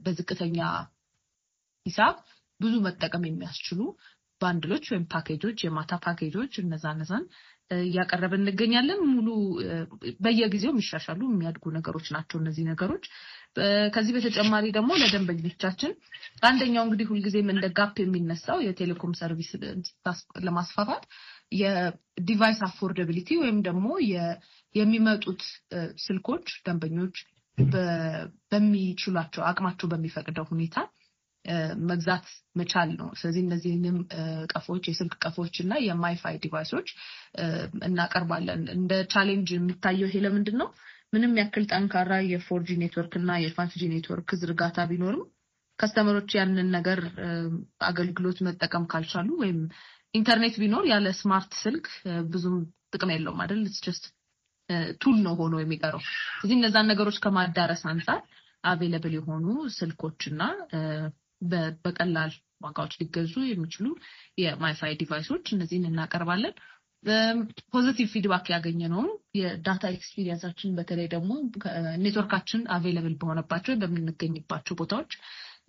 በዝቅተኛ ሂሳብ ብዙ መጠቀም የሚያስችሉ ባንድሎች ወይም ፓኬጆች የማታ ፓኬጆች እነዛ እነዛን እያቀረብን እንገኛለን። ሙሉ በየጊዜው የሚሻሻሉ የሚያድጉ ነገሮች ናቸው እነዚህ ነገሮች። ከዚህ በተጨማሪ ደግሞ ለደንበኞቻችን አንደኛው እንግዲህ ሁልጊዜም እንደ ጋፕ የሚነሳው የቴሌኮም ሰርቪስ ለማስፋፋት የዲቫይስ አፎርደቢሊቲ ወይም ደግሞ የሚመጡት ስልኮች ደንበኞች በሚችሏቸው አቅማቸው በሚፈቅደው ሁኔታ መግዛት መቻል ነው። ስለዚህ እነዚህንም ቀፎች የስልክ ቀፎች እና የማይፋይ ዲቫይሶች እናቀርባለን። እንደ ቻሌንጅ የሚታየው ይሄ ለምንድን ነው? ምንም ያክል ጠንካራ የፎርጂ ኔትወርክ እና የፋይቭጂ ኔትወርክ ዝርጋታ ቢኖርም ከስተመሮች ያንን ነገር አገልግሎት መጠቀም ካልቻሉ ወይም ኢንተርኔት ቢኖር ያለ ስማርት ስልክ ብዙም ጥቅም የለውም አይደል? ጀስት ቱል ነው ሆኖ የሚቀረው። እዚህ እነዛን ነገሮች ከማዳረስ አንጻር አቬለብል የሆኑ ስልኮች እና በቀላል ዋጋዎች ሊገዙ የሚችሉ የማይፋይ ዲቫይሶች እነዚህን እናቀርባለን። ፖዚቲቭ ፊድባክ ያገኘ ነው። የዳታ ኤክስፒሪየንሳችን በተለይ ደግሞ ኔትወርካችን አቬለብል በሆነባቸው በምንገኝባቸው ቦታዎች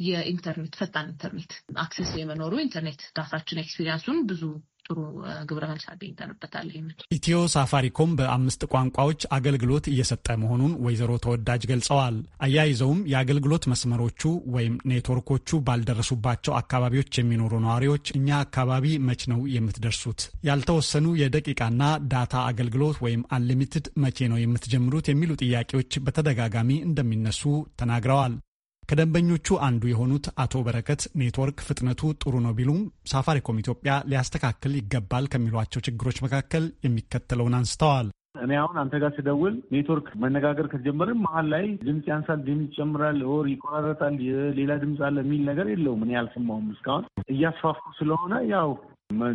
የኢንተርኔት ፈጣን ኢንተርኔት አክሴስ የመኖሩ ኢንተርኔት ዳታችን ኤክስፒሪየንሱን ብዙ ጥሩ ግብረ መልስ አገኝተንበታል። ይህንን ኢትዮ ሳፋሪኮም በአምስት ቋንቋዎች አገልግሎት እየሰጠ መሆኑን ወይዘሮ ተወዳጅ ገልጸዋል። አያይዘውም የአገልግሎት መስመሮቹ ወይም ኔትወርኮቹ ባልደረሱባቸው አካባቢዎች የሚኖሩ ነዋሪዎች እኛ አካባቢ መች ነው የምትደርሱት? ያልተወሰኑ የደቂቃና ዳታ አገልግሎት ወይም አንሊሚትድ መቼ ነው የምትጀምሩት? የሚሉ ጥያቄዎች በተደጋጋሚ እንደሚነሱ ተናግረዋል። ከደንበኞቹ አንዱ የሆኑት አቶ በረከት ኔትወርክ ፍጥነቱ ጥሩ ነው ቢሉም ሳፋሪኮም ኢትዮጵያ ሊያስተካክል ይገባል ከሚሏቸው ችግሮች መካከል የሚከተለውን አንስተዋል። እኔ አሁን አንተ ጋር ስደውል ኔትወርክ መነጋገር ከተጀመርን መሀል ላይ ድምፅ ያንሳል፣ ድምፅ ይጨምራል፣ ወር ይቆራረጣል፣ ሌላ ድምፅ አለ የሚል ነገር የለውም። እኔ አልሰማሁም እስካሁን። እያስፋፉ ስለሆነ ያው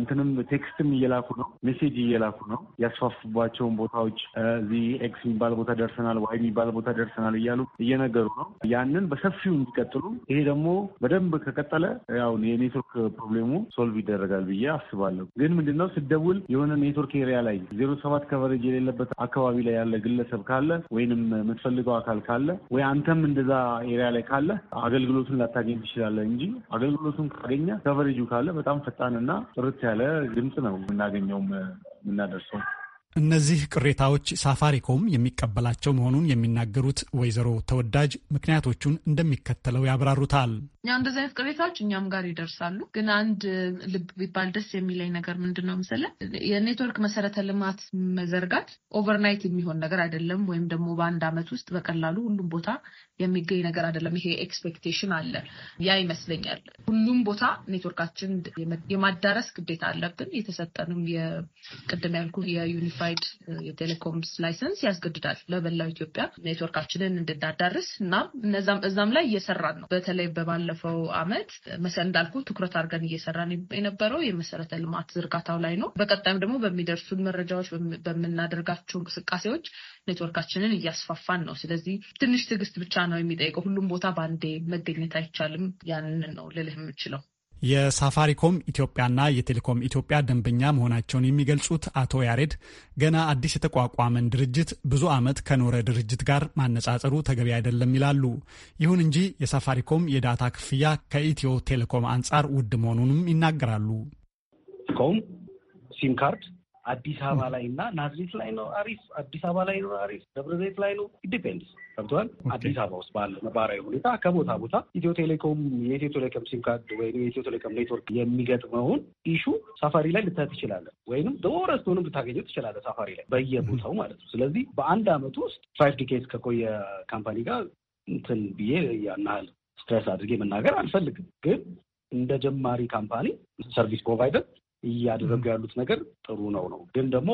እንትንም ቴክስትም እየላኩ ነው፣ ሜሴጅ እየላኩ ነው። ያስፋፉባቸውን ቦታዎች እዚህ ኤክስ የሚባል ቦታ ደርሰናል፣ ዋይ የሚባል ቦታ ደርሰናል እያሉ እየነገሩ ነው። ያንን በሰፊው እንዲቀጥሉ፣ ይሄ ደግሞ በደንብ ከቀጠለ ያው የኔትወርክ ፕሮብሌሙ ሶልቭ ይደረጋል ብዬ አስባለሁ። ግን ምንድነው ስደውል የሆነ ኔትወርክ ኤሪያ ላይ ዜሮ ሰባት ከቨሬጅ የሌለበት አካባቢ ላይ ያለ ግለሰብ ካለ ወይንም የምትፈልገው አካል ካለ ወይ አንተም እንደዛ ኤሪያ ላይ ካለ አገልግሎቱን ላታገኝ ትችላለህ እንጂ አገልግሎቱን ካገኘ ከቨሬጁ ካለ በጣም ፈጣንና ጥሩ ጥርት ያለ ድምፅ ነው የምናገኘውም የምናደርሰው። እነዚህ ቅሬታዎች ሳፋሪኮም የሚቀበላቸው መሆኑን የሚናገሩት ወይዘሮ ተወዳጅ ምክንያቶቹን እንደሚከተለው ያብራሩታል። እኛ እንደዚህ አይነት ቅሬታዎች እኛም ጋር ይደርሳሉ። ግን አንድ ልብ ቢባል ደስ የሚለኝ ነገር ምንድን ነው የኔትወርክ መሰረተ ልማት መዘርጋት ኦቨርናይት የሚሆን ነገር አይደለም፣ ወይም ደግሞ በአንድ አመት ውስጥ በቀላሉ ሁሉም ቦታ የሚገኝ ነገር አይደለም። ይሄ ኤክስፔክቴሽን አለ። ያ ይመስለኛል ሁሉም ቦታ ኔትወርካችን የማዳረስ ግዴታ አለብን። የተሰጠንም የቅድም ያልኩ የዩኒፋይድ የቴሌኮምስ ላይሰንስ ያስገድዳል ለበላው ኢትዮጵያ ኔትወርካችንን እንድናዳርስ እና እዛም ላይ እየሰራን ነው። በተለይ በባለፈው አመት መሰ እንዳልኩ ትኩረት አድርገን እየሰራን የነበረው የመሰረተ ልማት ዝርጋታው ላይ ነው። በቀጣይም ደግሞ በሚደርሱን መረጃዎች በምናደርጋቸው እንቅስቃሴዎች ኔትወርካችንን እያስፋፋን ነው። ስለዚህ ትንሽ ትዕግስት ብቻ ነው የሚጠይቀው። ሁሉም ቦታ በአንዴ መገኘት አይቻልም። ያንን ነው ልልህ የምችለው። የሳፋሪኮም ኢትዮጵያና የቴሌኮም ኢትዮጵያ ደንበኛ መሆናቸውን የሚገልጹት አቶ ያሬድ ገና አዲስ የተቋቋመን ድርጅት ብዙ ዓመት ከኖረ ድርጅት ጋር ማነጻጸሩ ተገቢ አይደለም ይላሉ። ይሁን እንጂ የሳፋሪኮም የዳታ ክፍያ ከኢትዮ ቴሌኮም አንጻር ውድ መሆኑንም ይናገራሉ። ሲም ካርድ አዲስ አበባ ላይ እና ናዝሬት ላይ ነው አሪፍ፣ አዲስ አበባ ላይ ነው አሪፍ፣ ደብረ ዘይት ላይ ነው ዲፔንድስ ገብተዋል። አዲስ አበባ ውስጥ ባለ ነባራዊ ሁኔታ ከቦታ ቦታ ኢትዮ ቴሌኮም የኢትዮ ቴሌኮም ሲም ካርድ ወይም የኢትዮ ቴሌኮም ኔትወርክ የሚገጥመውን ኢሹ ሳፋሪ ላይ ልታይ ትችላለህ፣ ወይም ደወረስት ሆኖም ልታገኘው ትችላለህ ሳፋሪ ላይ በየቦታው ማለት ነው። ስለዚህ በአንድ አመት ውስጥ ፋይቭ ዲኬስ ከቆየ ካምፓኒ ጋር እንትን ብዬ ያናህል ስትረስ አድርጌ መናገር አልፈልግም ግን እንደ ጀማሪ ካምፓኒ ሰርቪስ ፕሮቫይደር እያደረጉ ያሉት ነገር ጥሩ ነው ነው ግን ደግሞ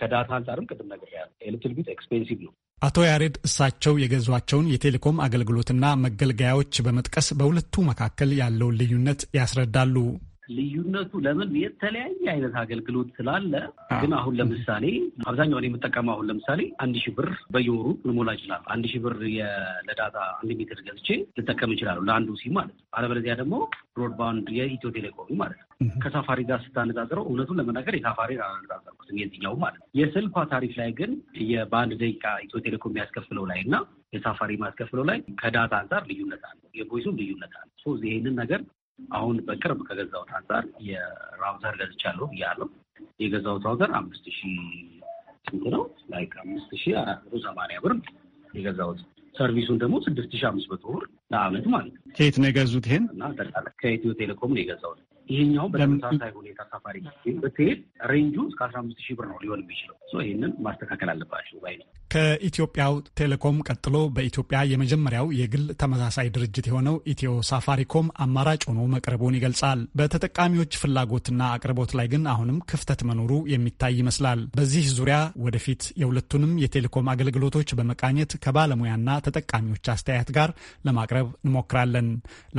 ከዳታ አንጻርም ቅድም ነገር ያለ ኤሌክትሪክ ቤት ኤክስፔንሲቭ ነው። አቶ ያሬድ እሳቸው የገዟቸውን የቴሌኮም አገልግሎትና መገልገያዎች በመጥቀስ በሁለቱ መካከል ያለውን ልዩነት ያስረዳሉ። ልዩነቱ ለምን የተለያየ አይነት አገልግሎት ስላለ ግን አሁን ለምሳሌ አብዛኛውን የምጠቀመው አሁን ለምሳሌ አንድ ሺህ ብር በየወሩ ልሞላ ይችላል። አንድ ሺህ ብር ለዳታ አንድ ሜትር ገዝቼ ልጠቀም ይችላሉ ለአንዱ ሲ ማለት ነው። አለበለዚያ ደግሞ ብሮድባንድ የኢትዮ ቴሌኮም ማለት ነው። ከሳፋሪ ጋር ስታነጻጽረው እውነቱን ለመናገር የሳፋሪ አላነጻጸርኩትም የትኛው ማለት ነው። የስልኳ ታሪፍ ላይ ግን በአንድ ደቂቃ ኢትዮ ቴሌኮም የሚያስከፍለው ላይ እና የሳፋሪ ማስከፍለው ላይ ከዳታ አንጻር ልዩነት አለ፣ የቮይሱም ልዩነት አለ። ይህንን ነገር አሁን በቅርብ ከገዛሁት አንጻር የራውተር ገዝቻለሁ ብያለሁ። የገዛሁት ራውተር አምስት ሺ ስንት ነው ላይ አምስት ሺ አራት መቶ ሰማንያ ብር የገዛሁት ሰርቪሱን ደግሞ ስድስት ሺ አምስት መቶ ብር ለአመት ማለት ነው። ከየት ነው የገዙት ይሄን? እና ከኢትዮ ቴሌኮም ነው የገዛሁት። ይሄኛው በተመሳሳይ ሁኔታ ሳፋሪ ብትሄድ ሬንጁ እስከ አስራ አምስት ሺህ ብር ነው ሊሆን የሚችለው። ይህንን ማስተካከል አለባቸው ባይ ነው። ከኢትዮጵያው ቴሌኮም ቀጥሎ በኢትዮጵያ የመጀመሪያው የግል ተመሳሳይ ድርጅት የሆነው ኢትዮ ሳፋሪኮም አማራጭ ሆኖ መቅረቡን ይገልጻል። በተጠቃሚዎች ፍላጎትና አቅርቦት ላይ ግን አሁንም ክፍተት መኖሩ የሚታይ ይመስላል። በዚህ ዙሪያ ወደፊት የሁለቱንም የቴሌኮም አገልግሎቶች በመቃኘት ከባለሙያና ተጠቃሚዎች አስተያየት ጋር ለማቅረብ እንሞክራለን።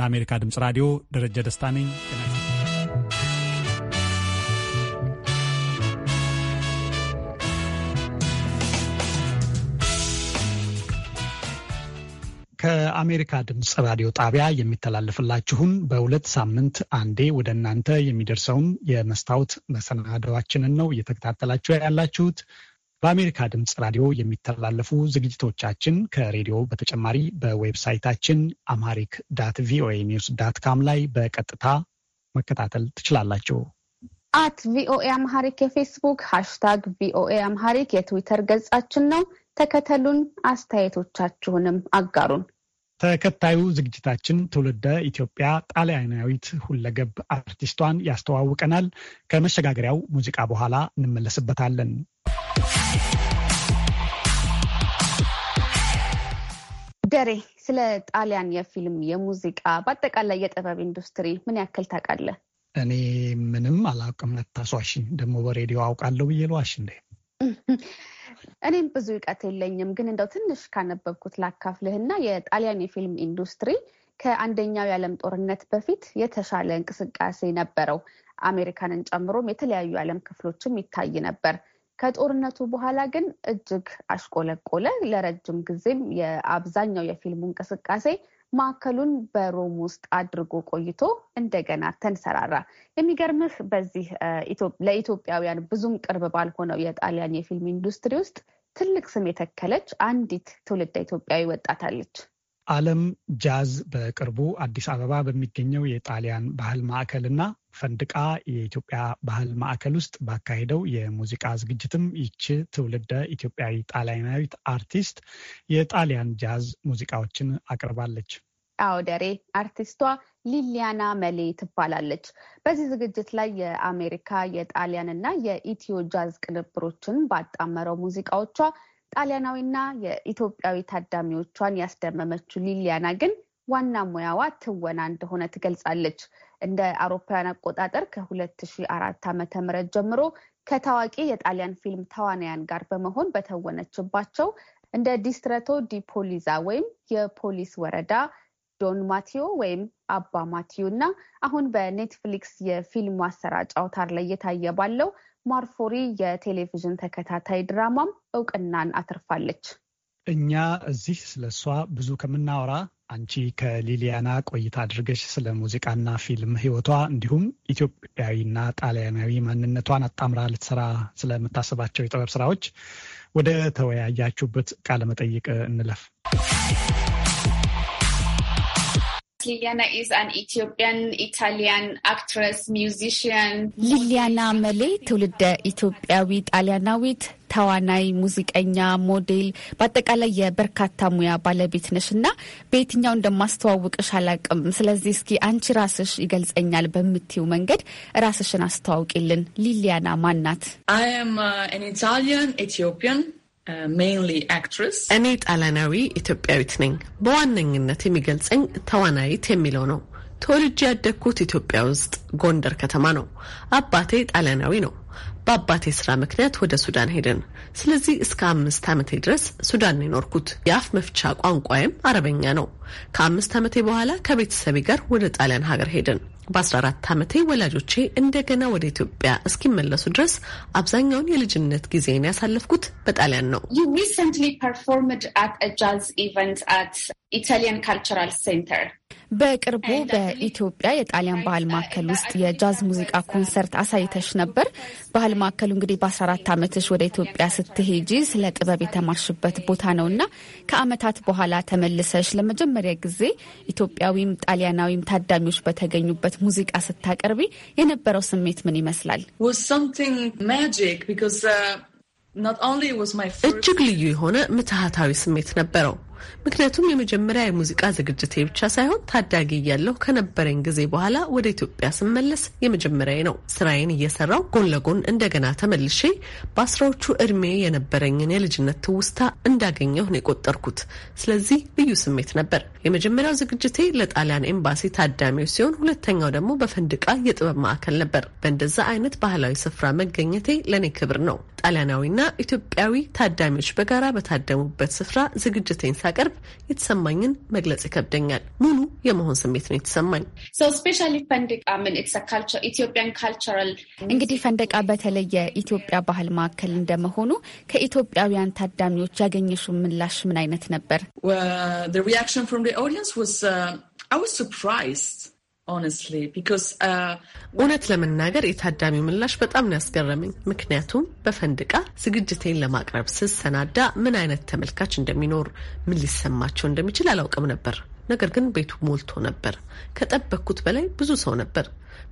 ለአሜሪካ ድምጽ ራዲዮ ደረጀ ደስታ ነኝ። ከአሜሪካ ድምፅ ራዲዮ ጣቢያ የሚተላለፍላችሁን በሁለት ሳምንት አንዴ ወደ እናንተ የሚደርሰውን የመስታወት መሰናደዋችንን ነው እየተከታተላችሁ ያላችሁት። በአሜሪካ ድምፅ ራዲዮ የሚተላለፉ ዝግጅቶቻችን ከሬዲዮ በተጨማሪ በዌብሳይታችን አማሪክ ዳት ቪኦኤ ኒውስ ዳት ካም ላይ በቀጥታ መከታተል ትችላላችሁ። አት ቪኦኤ አምሃሪክ የፌስቡክ ሃሽታግ ቪኦኤ አምሃሪክ የትዊተር ገጻችን ነው። ተከተሉን፣ አስተያየቶቻችሁንም አጋሩን። ተከታዩ ዝግጅታችን ትውልደ ኢትዮጵያ ጣሊያናዊት ሁለገብ አርቲስቷን ያስተዋውቀናል። ከመሸጋገሪያው ሙዚቃ በኋላ እንመለስበታለን። ደሬ፣ ስለ ጣሊያን የፊልም፣ የሙዚቃ፣ በአጠቃላይ የጥበብ ኢንዱስትሪ ምን ያክል ታውቃለህ? እኔ ምንም አላውቅም። ነታሷሽኝ ደግሞ በሬዲዮ አውቃለሁ ብዬ ልዋሽ እንዴ? እኔም ብዙ እውቀት የለኝም፣ ግን እንደው ትንሽ ካነበብኩት ላካፍልህና የጣሊያን የፊልም ኢንዱስትሪ ከአንደኛው የዓለም ጦርነት በፊት የተሻለ እንቅስቃሴ ነበረው። አሜሪካንን ጨምሮም የተለያዩ የዓለም ክፍሎችም ይታይ ነበር። ከጦርነቱ በኋላ ግን እጅግ አሽቆለቆለ። ለረጅም ጊዜም የአብዛኛው የፊልሙ እንቅስቃሴ ማዕከሉን በሮም ውስጥ አድርጎ ቆይቶ እንደገና ተንሰራራ። የሚገርምህ በዚህ ለኢትዮጵያውያን ብዙም ቅርብ ባልሆነው የጣሊያን የፊልም ኢንዱስትሪ ውስጥ ትልቅ ስም የተከለች አንዲት ትውልደ ኢትዮጵያዊ ወጣት አለች። አለም ጃዝ በቅርቡ አዲስ አበባ በሚገኘው የጣሊያን ባህል ማዕከል ፈንድቃ የኢትዮጵያ ባህል ማዕከል ውስጥ ባካሄደው የሙዚቃ ዝግጅትም ይቺ ትውልደ ኢትዮጵያዊ ጣሊያናዊት አርቲስት የጣሊያን ጃዝ ሙዚቃዎችን አቅርባለች። አውደሬ አርቲስቷ ሊሊያና መሌ ትባላለች። በዚህ ዝግጅት ላይ የአሜሪካ የጣሊያን እና የኢትዮ ጃዝ ቅንብሮችን ባጣመረው ሙዚቃዎቿ ጣሊያናዊና የኢትዮጵያዊ ታዳሚዎቿን ያስደመመችው ሊሊያና ግን ዋና ሙያዋ ትወና እንደሆነ ትገልጻለች። እንደ አውሮፓውያን አቆጣጠር ከ2004 ዓ.ም ጀምሮ ከታዋቂ የጣሊያን ፊልም ተዋናያን ጋር በመሆን በተወነችባቸው እንደ ዲስትረቶ ዲፖሊዛ ወይም የፖሊስ ወረዳ ጆን ማቲዮ ወይም አባ ማቴዎ እና አሁን በኔትፍሊክስ የፊልም ማሰራጫ አውታር ላይ እየታየ ባለው ማርፎሪ የቴሌቪዥን ተከታታይ ድራማም እውቅናን አትርፋለች። እኛ እዚህ ስለ እሷ ብዙ ከምናወራ አንቺ ከሊሊያና ቆይታ አድርገሽ ስለ ሙዚቃና ፊልም ሕይወቷ እንዲሁም ኢትዮጵያዊና ጣሊያናዊ ማንነቷን አጣምራ ልትሰራ ስለምታስባቸው የጥበብ ስራዎች ወደ ተወያያችሁበት ቃለመጠይቅ እንለፍ። ሊሊያና ኢዝ ኢታሊያን ሊሊያና መሌ ትውልደ ኢትዮጵያዊ ጣሊያናዊት ተዋናይ፣ ሙዚቀኛ፣ ሞዴል፣ በአጠቃላይ የበርካታ ሙያ ባለቤት ነሽ እና በየትኛው እንደማስተዋውቅሽ አላቅም። ስለዚህ እስኪ አንቺ ራስሽ ይገልጸኛል በምትዩ መንገድ ራስሽን አስተዋውቂልን። ሊሊያና ማን ናት? Uh, እኔ ጣሊያናዊ ኢትዮጵያዊት ነኝ። በዋነኝነት የሚገልጸኝ ተዋናይት የሚለው ነው። ተወልጄ ያደግኩት ኢትዮጵያ ውስጥ ጎንደር ከተማ ነው። አባቴ ጣሊያናዊ ነው። በአባቴ ስራ ምክንያት ወደ ሱዳን ሄደን፣ ስለዚህ እስከ አምስት ዓመቴ ድረስ ሱዳን የኖርኩት የአፍ መፍቻ ቋንቋዬም አረበኛ ነው። ከአምስት ዓመቴ በኋላ ከቤተሰቤ ጋር ወደ ጣሊያን ሀገር ሄደን በ14 ዓመቴ ወላጆቼ እንደገና ወደ ኢትዮጵያ እስኪመለሱ ድረስ አብዛኛውን የልጅነት ጊዜን ያሳለፍኩት በጣሊያን ነው። ሪሰንትሊ ፐርፎርምድ አት ጃዝ ኢቨንት አት ኢታሊያን ካልቸራል ሴንተር በቅርቡ በኢትዮጵያ የጣሊያን ባህል ማዕከል ውስጥ የጃዝ ሙዚቃ ኮንሰርት አሳይተሽ ነበር። ባህል ማዕከሉ እንግዲህ በ14 ዓመትሽ ወደ ኢትዮጵያ ስትሄጂ ስለ ጥበብ የተማርሽበት ቦታ ነው እና ከአመታት በኋላ ተመልሰሽ ለመጀመሪያ ጊዜ ኢትዮጵያዊም ጣሊያናዊም ታዳሚዎች በተገኙበት ሙዚቃ ስታቀርቢ የነበረው ስሜት ምን ይመስላል? Uh, እጅግ ልዩ የሆነ ምትሃታዊ ስሜት ነበረው። ምክንያቱም የመጀመሪያ የሙዚቃ ዝግጅቴ ብቻ ሳይሆን ታዳጊ እያለሁ ከነበረኝ ጊዜ በኋላ ወደ ኢትዮጵያ ስመለስ የመጀመሪያ ነው። ስራዬን እየሰራው ጎን ለጎን እንደገና ተመልሼ በአስራዎቹ እድሜ የነበረኝን የልጅነት ትውስታ እንዳገኘሁ ነው የቆጠርኩት። ስለዚህ ልዩ ስሜት ነበር። የመጀመሪያው ዝግጅቴ ለጣሊያን ኤምባሲ ታዳሚዎች ሲሆን ሁለተኛው ደግሞ በፈንድቃ የጥበብ ማዕከል ነበር። በእንደዛ አይነት ባህላዊ ስፍራ መገኘቴ ለእኔ ክብር ነው። ጣሊያናዊና ኢትዮጵያዊ ታዳሚዎች በጋራ በታደሙበት ስፍራ ዝግጅቴን ሳ። ሳቀርብ የተሰማኝን መግለጽ ይከብደኛል። ሙሉ የመሆን ስሜት ነው የተሰማኝ። እንግዲህ ፈንደቃ በተለይ የኢትዮጵያ ባህል ማዕከል እንደመሆኑ ከኢትዮጵያውያን ታዳሚዎች ያገኘሹ ምላሽ ምን አይነት ነበር? ሪያክሽን Uh, እውነት ለመናገር የታዳሚው ምላሽ በጣም ነው ያስገረመኝ። ምክንያቱም በፈንድቃ ዝግጅቴን ለማቅረብ ስሰናዳ ምን አይነት ተመልካች እንደሚኖር ምን ሊሰማቸው እንደሚችል አላውቅም ነበር። ነገር ግን ቤቱ ሞልቶ ነበር። ከጠበቅኩት በላይ ብዙ ሰው ነበር።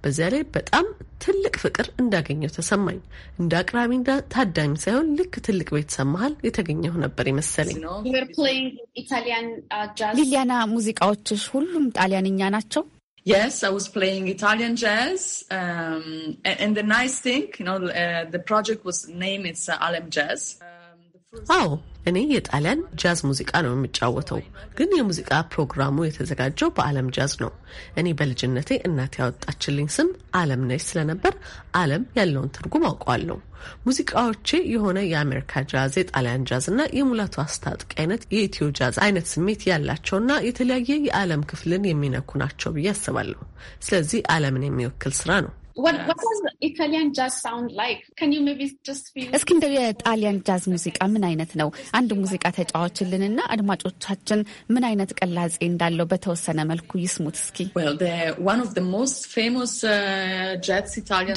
በዚያ ላይ በጣም ትልቅ ፍቅር እንዳገኘው ተሰማኝ። እንደ አቅራቢ ታዳሚ ሳይሆን ልክ ትልቅ ቤተሰብ መሀል የተገኘው ነበር የመሰለኝ። uh, ሊሊያና፣ ሙዚቃዎችሽ ሁሉም ጣሊያንኛ ናቸው? Yes, I was playing Italian jazz, um, and, and, the nice thing, you know, uh, the project was named it's uh, Alem Jazz, አዎ እኔ የጣሊያን ጃዝ ሙዚቃ ነው የምጫወተው፣ ግን የሙዚቃ ፕሮግራሙ የተዘጋጀው በዓለም ጃዝ ነው። እኔ በልጅነቴ እናቴ ያወጣችልኝ ስም ዓለም ነች ስለነበር ዓለም ያለውን ትርጉም አውቀዋለሁ። ሙዚቃዎቼ የሆነ የአሜሪካ ጃዝ፣ የጣሊያን ጃዝ እና የሙላቱ አስታጥቅ አይነት የኢትዮ ጃዝ አይነት ስሜት ያላቸውና የተለያየ የዓለም ክፍልን የሚነኩ ናቸው ብዬ አስባለሁ። ስለዚህ ዓለምን የሚወክል ስራ ነው። እስክንድር፣ የጣሊያን ጃዝ ሙዚቃ ምን አይነት ነው? አንድ ሙዚቃ ተጫዋችልንና አድማጮቻችን ምን አይነት ቅላጼ እንዳለው በተወሰነ መልኩ ይስሙት እስኪ። uh,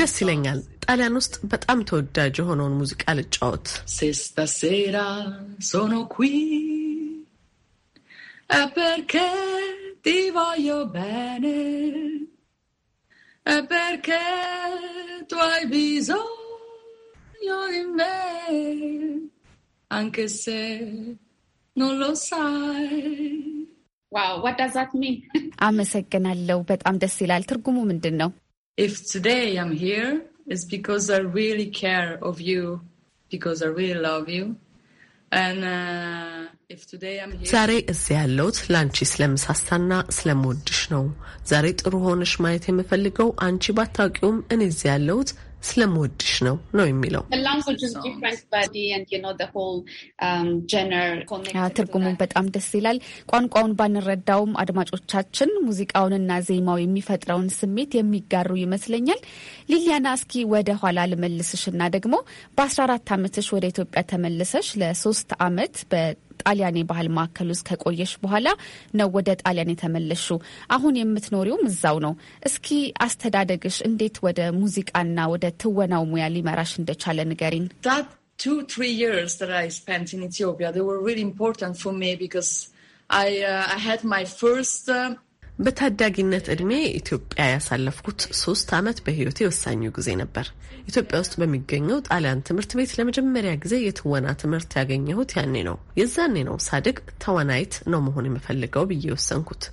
ደስ ይለኛል። ጣሊያን ውስጥ በጣም ተወዳጅ የሆነውን ሙዚቃ ልጫወት። ስታሴራ ሶኖ ኪ ፐርኬ ቲ ቮዮ በኔ E perché tu hai bisogno di me, anche se non lo sai. Wow, what does that mean? አመሰግናለሁ። በጣም ደስ ይላል። ትርጉሙ ምንድን ነው? If today I'm here, it's because I really care of you, because I really love you. Uh, ዛሬ እዚህ ያለሁት ለአንቺ ስለምሳሳና ስለምወድሽ ነው። ዛሬ ጥሩ ሆነሽ ማየት የምፈልገው አንቺ ባታውቂውም እኔ እዚህ ያለሁት ስለምወድሽ ነው ነው የሚለው። um, ትርጉሙን በጣም ደስ ይላል። ቋንቋውን ባንረዳውም አድማጮቻችን ሙዚቃውንና ዜማው የሚፈጥረውን ስሜት የሚጋሩ ይመስለኛል። ሊሊያና፣ እስኪ ወደ ኋላ ልመልስሽና ደግሞ በ14 ዓመትሽ ወደ ኢትዮጵያ ተመልሰሽ ለሶስት ዓመት ጣሊያን የባህል ማዕከል ውስጥ ከቆየሽ በኋላ ነው ወደ ጣሊያን የተመለሹ። አሁን የምትኖሪውም እዛው ነው። እስኪ አስተዳደግሽ እንዴት ወደ ሙዚቃና ወደ ትወናው ሙያ ሊመራሽ እንደቻለ ንገሪን። two, three years that I spent in Ethiopia, they were really important for me because I, uh, I had my first uh, በታዳጊነት እድሜ ኢትዮጵያ ያሳለፍኩት ሶስት ዓመት በህይወቴ ወሳኙ ጊዜ ነበር። ኢትዮጵያ ውስጥ በሚገኘው ጣሊያን ትምህርት ቤት ለመጀመሪያ ጊዜ የትወና ትምህርት ያገኘሁት ያኔ ነው። የዛኔ ነው ሳድግ ተዋናይት ነው መሆን የምፈልገው ብዬ የወሰንኩት።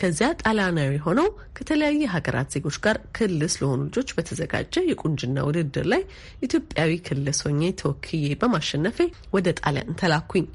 ከዚያ ጣሊያናዊ ሆነው ከተለያየ ሀገራት ዜጎች ጋር ክልስ ለሆኑ ልጆች በተዘጋጀ የቁንጅና ውድድር ላይ ኢትዮጵያዊ ክልስ ሆኜ ተወክዬ በማሸነፌ ወደ ጣሊያን ተላኩኝ።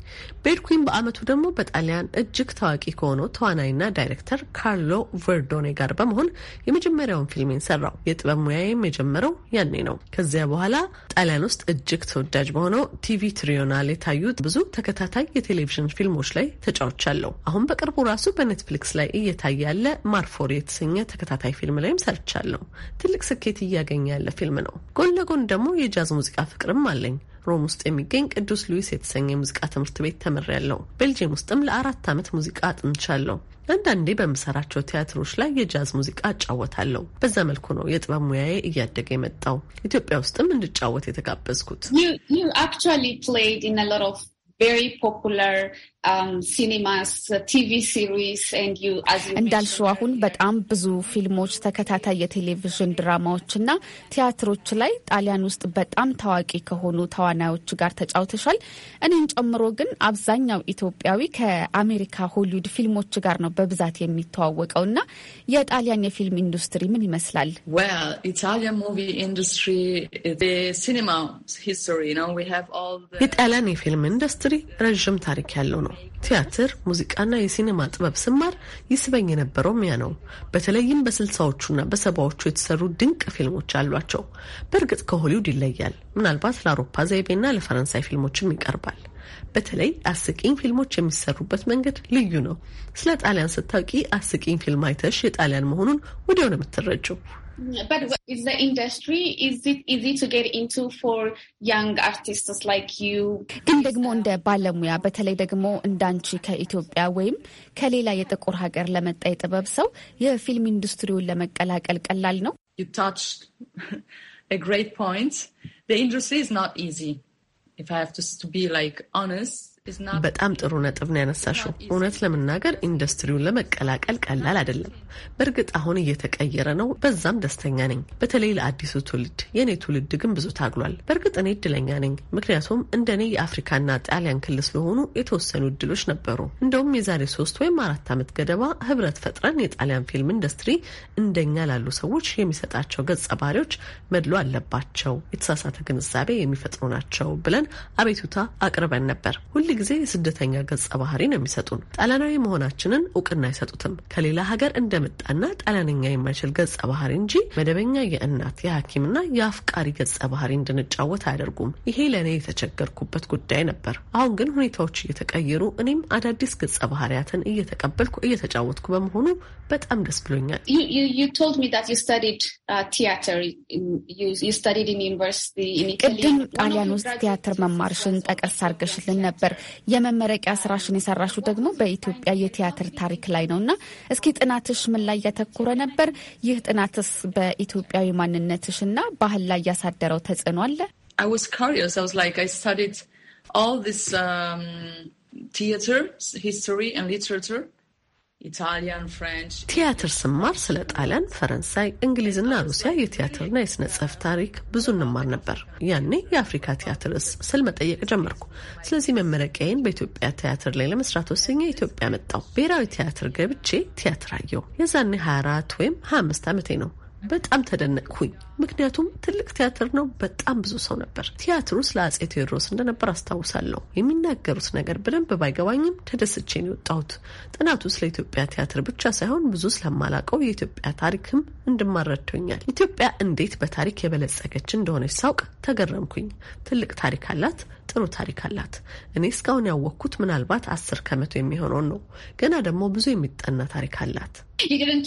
በሄድኩኝ በአመቱ ደግሞ በጣሊያን እጅግ ታዋቂ ከሆነው ተዋናይና ዳይሬክተር ካርሎ ቨርዶኔ ጋር በመሆን የመጀመሪያውን ፊልሜን ሰራው። የጥበብ ሙያዬም የጀመረው ያኔ ነው። ከዚያ በኋላ ጣሊያን ውስጥ እጅግ ተወዳጅ በሆነው ቲቪ ትሪዮናል የታዩት ብዙ ተከታታይ የቴሌቪዥን ፊልሞች ላይ ተጫውቻለሁ። አሁን በቅርቡ ራሱ በኔትፍሊክስ ላይ እየታየ ያለ ማርፎር የተሰኘ ተከታታይ ፊልም ላይም ሰርቻለሁ። ትልቅ ስኬት እያገኘ ያለ ፊልም ነው። ጎን ለጎን ደግሞ የጃዝ ሙዚቃ ፍቅርም አለኝ። ሮም ውስጥ የሚገኝ ቅዱስ ሉዊስ የተሰኘ የሙዚቃ ትምህርት ቤት ተምሬያለሁ። ቤልጅየም ውስጥም ለአራት ዓመት ሙዚቃ አጥንቻለሁ። አንዳንዴ በምሰራቸው ቲያትሮች ላይ የጃዝ ሙዚቃ እጫወታለሁ። በዛ መልኩ ነው የጥበብ ሙያዬ እያደገ የመጣው። ኢትዮጵያ ውስጥም እንድጫወት የተጋበዝኩት Um, uh, እንዳልሽው አሁን በጣም ብዙ ፊልሞች፣ ተከታታይ የቴሌቪዥን ድራማዎች እና ቲያትሮች ላይ ጣሊያን ውስጥ በጣም ታዋቂ ከሆኑ ተዋናዮች ጋር ተጫውተሻል። እኔን ጨምሮ ግን አብዛኛው ኢትዮጵያዊ ከአሜሪካ ሆሊውድ ፊልሞች ጋር ነው በብዛት የሚተዋወቀው እና የጣሊያን የፊልም ኢንዱስትሪ ምን ይመስላል? የጣሊያን የፊልም ኢንዱስትሪ ረዥም ታሪክ ያለው ነው። ቲያትር፣ ሙዚቃና የሲኔማ ጥበብ ስማር ይስበኝ የነበረው ሚያ ነው። በተለይም በስልሳዎቹና በሰባዎቹ የተሰሩ ድንቅ ፊልሞች አሏቸው። በእርግጥ ከሆሊውድ ይለያል። ምናልባት ለአውሮፓ ዘይቤና ለፈረንሳይ ፊልሞችም ይቀርባል። በተለይ አስቂኝ ፊልሞች የሚሰሩበት መንገድ ልዩ ነው። ስለ ጣሊያን ስታውቂ አስቂኝ ፊልም አይተሽ የጣሊያን መሆኑን ወዲያው ነው የምትረጭው። But is the industry? Is it easy to get into for young artists like you? ግን ደግሞ እንደ ባለሙያ በተለይ ደግሞ እንዳንቺ ከኢትዮጵያ ወይም ከሌላ የጥቁር ሀገር ለመጣ የጥበብ ሰው የፊልም ኢንዱስትሪውን ለመቀላቀል ቀላል ነው? You touched a great point. The industry is not easy. If I have to, to be like honest, በጣም ጥሩ ነጥብ ነው ያነሳሽው። እውነት ለመናገር ኢንዱስትሪውን ለመቀላቀል ቀላል አይደለም። በእርግጥ አሁን እየተቀየረ ነው፣ በዛም ደስተኛ ነኝ። በተለይ ለአዲሱ ትውልድ። የእኔ ትውልድ ግን ብዙ ታግሏል። በእርግጥ እኔ እድለኛ ነኝ፣ ምክንያቱም እንደ እኔ የአፍሪካና ጣሊያን ክልል ስለሆኑ የተወሰኑ እድሎች ነበሩ። እንደውም የዛሬ ሶስት ወይም አራት ዓመት ገደማ ህብረት ፈጥረን የጣሊያን ፊልም ኢንዱስትሪ እንደኛ ላሉ ሰዎች የሚሰጣቸው ገጸ ባህሪዎች መድሎ አለባቸው፣ የተሳሳተ ግንዛቤ የሚፈጥሩ ናቸው ብለን አቤቱታ አቅርበን ነበር ሁል ጊዜ የስደተኛ ገጸ ነው የሚሰጡን ጣሊያናዊ መሆናችንን እውቅና አይሰጡትም። ከሌላ ሀገር እንደመጣና ጣሊያንኛ የማይችል ገጸ ባህሪ እንጂ መደበኛ የእናት የሐኪምና የአፍቃሪ ገጸ ባህሪ እንድንጫወት አያደርጉም። ይሄ ለእኔ የተቸገርኩበት ጉዳይ ነበር። አሁን ግን ሁኔታዎች እየተቀየሩ እኔም አዳዲስ ገጸ ባህሪያትን እየተቀበልኩ እየተጫወትኩ በመሆኑ በጣም ደስ ብሎኛል። ቅድም ጣሊያን ውስጥ ቲያትር መማርሽን ጠቀስ አርገሽልን ነበር። የመመረቂያ ስራሽን የሰራሹ ደግሞ በኢትዮጵያ የቲያትር ታሪክ ላይ ነው እና እስኪ ጥናትሽ ምን ላይ ያተኮረ ነበር? ይህ ጥናትስ በኢትዮጵያዊ ማንነትሽ እና ባህል ላይ ያሳደረው ተጽዕኖ አለ? ቲያትር ሂስቶሪ ሊትራቱር ቲያትር ስማር ስለ ጣሊያን፣ ፈረንሳይ፣ እንግሊዝና ሩሲያ የቲያትርና የስነ ታሪክ ብዙ እንማር ነበር። ያኔ የአፍሪካ ቲያትር እስ ስል መጠየቅ ጀመርኩ። ስለዚህ መመረቂያዬን በኢትዮጵያ ቲያትር ላይ ለመስራት ወስኜ ኢትዮጵያ መጣው ብሔራዊ ቲያትር ገብቼ ቲያትር አየው። የዛኔ 24 ወይም 25 ዓመቴ ነው። በጣም ተደነቅኩኝ። ምክንያቱም ትልቅ ቲያትር ነው። በጣም ብዙ ሰው ነበር። ቲያትሩ ስለ አጼ ቴዎድሮስ እንደነበር አስታውሳለሁ። የሚናገሩት ነገር በደንብ ባይገባኝም ተደስቼ ነው የወጣሁት። ጥናቱ ስለ ኢትዮጵያ ቲያትር ብቻ ሳይሆን ብዙ ስለማላውቀው የኢትዮጵያ ታሪክም እንድማረድቶኛል። ኢትዮጵያ እንዴት በታሪክ የበለጸገች እንደሆነች ሳውቅ ተገረምኩኝ። ትልቅ ታሪክ አላት። ጥሩ ታሪክ አላት። እኔ እስካሁን ያወቅኩት ምናልባት አስር ከመቶ የሚሆነውን ነው። ገና ደግሞ ብዙ የሚጠና ታሪክ አላት። um,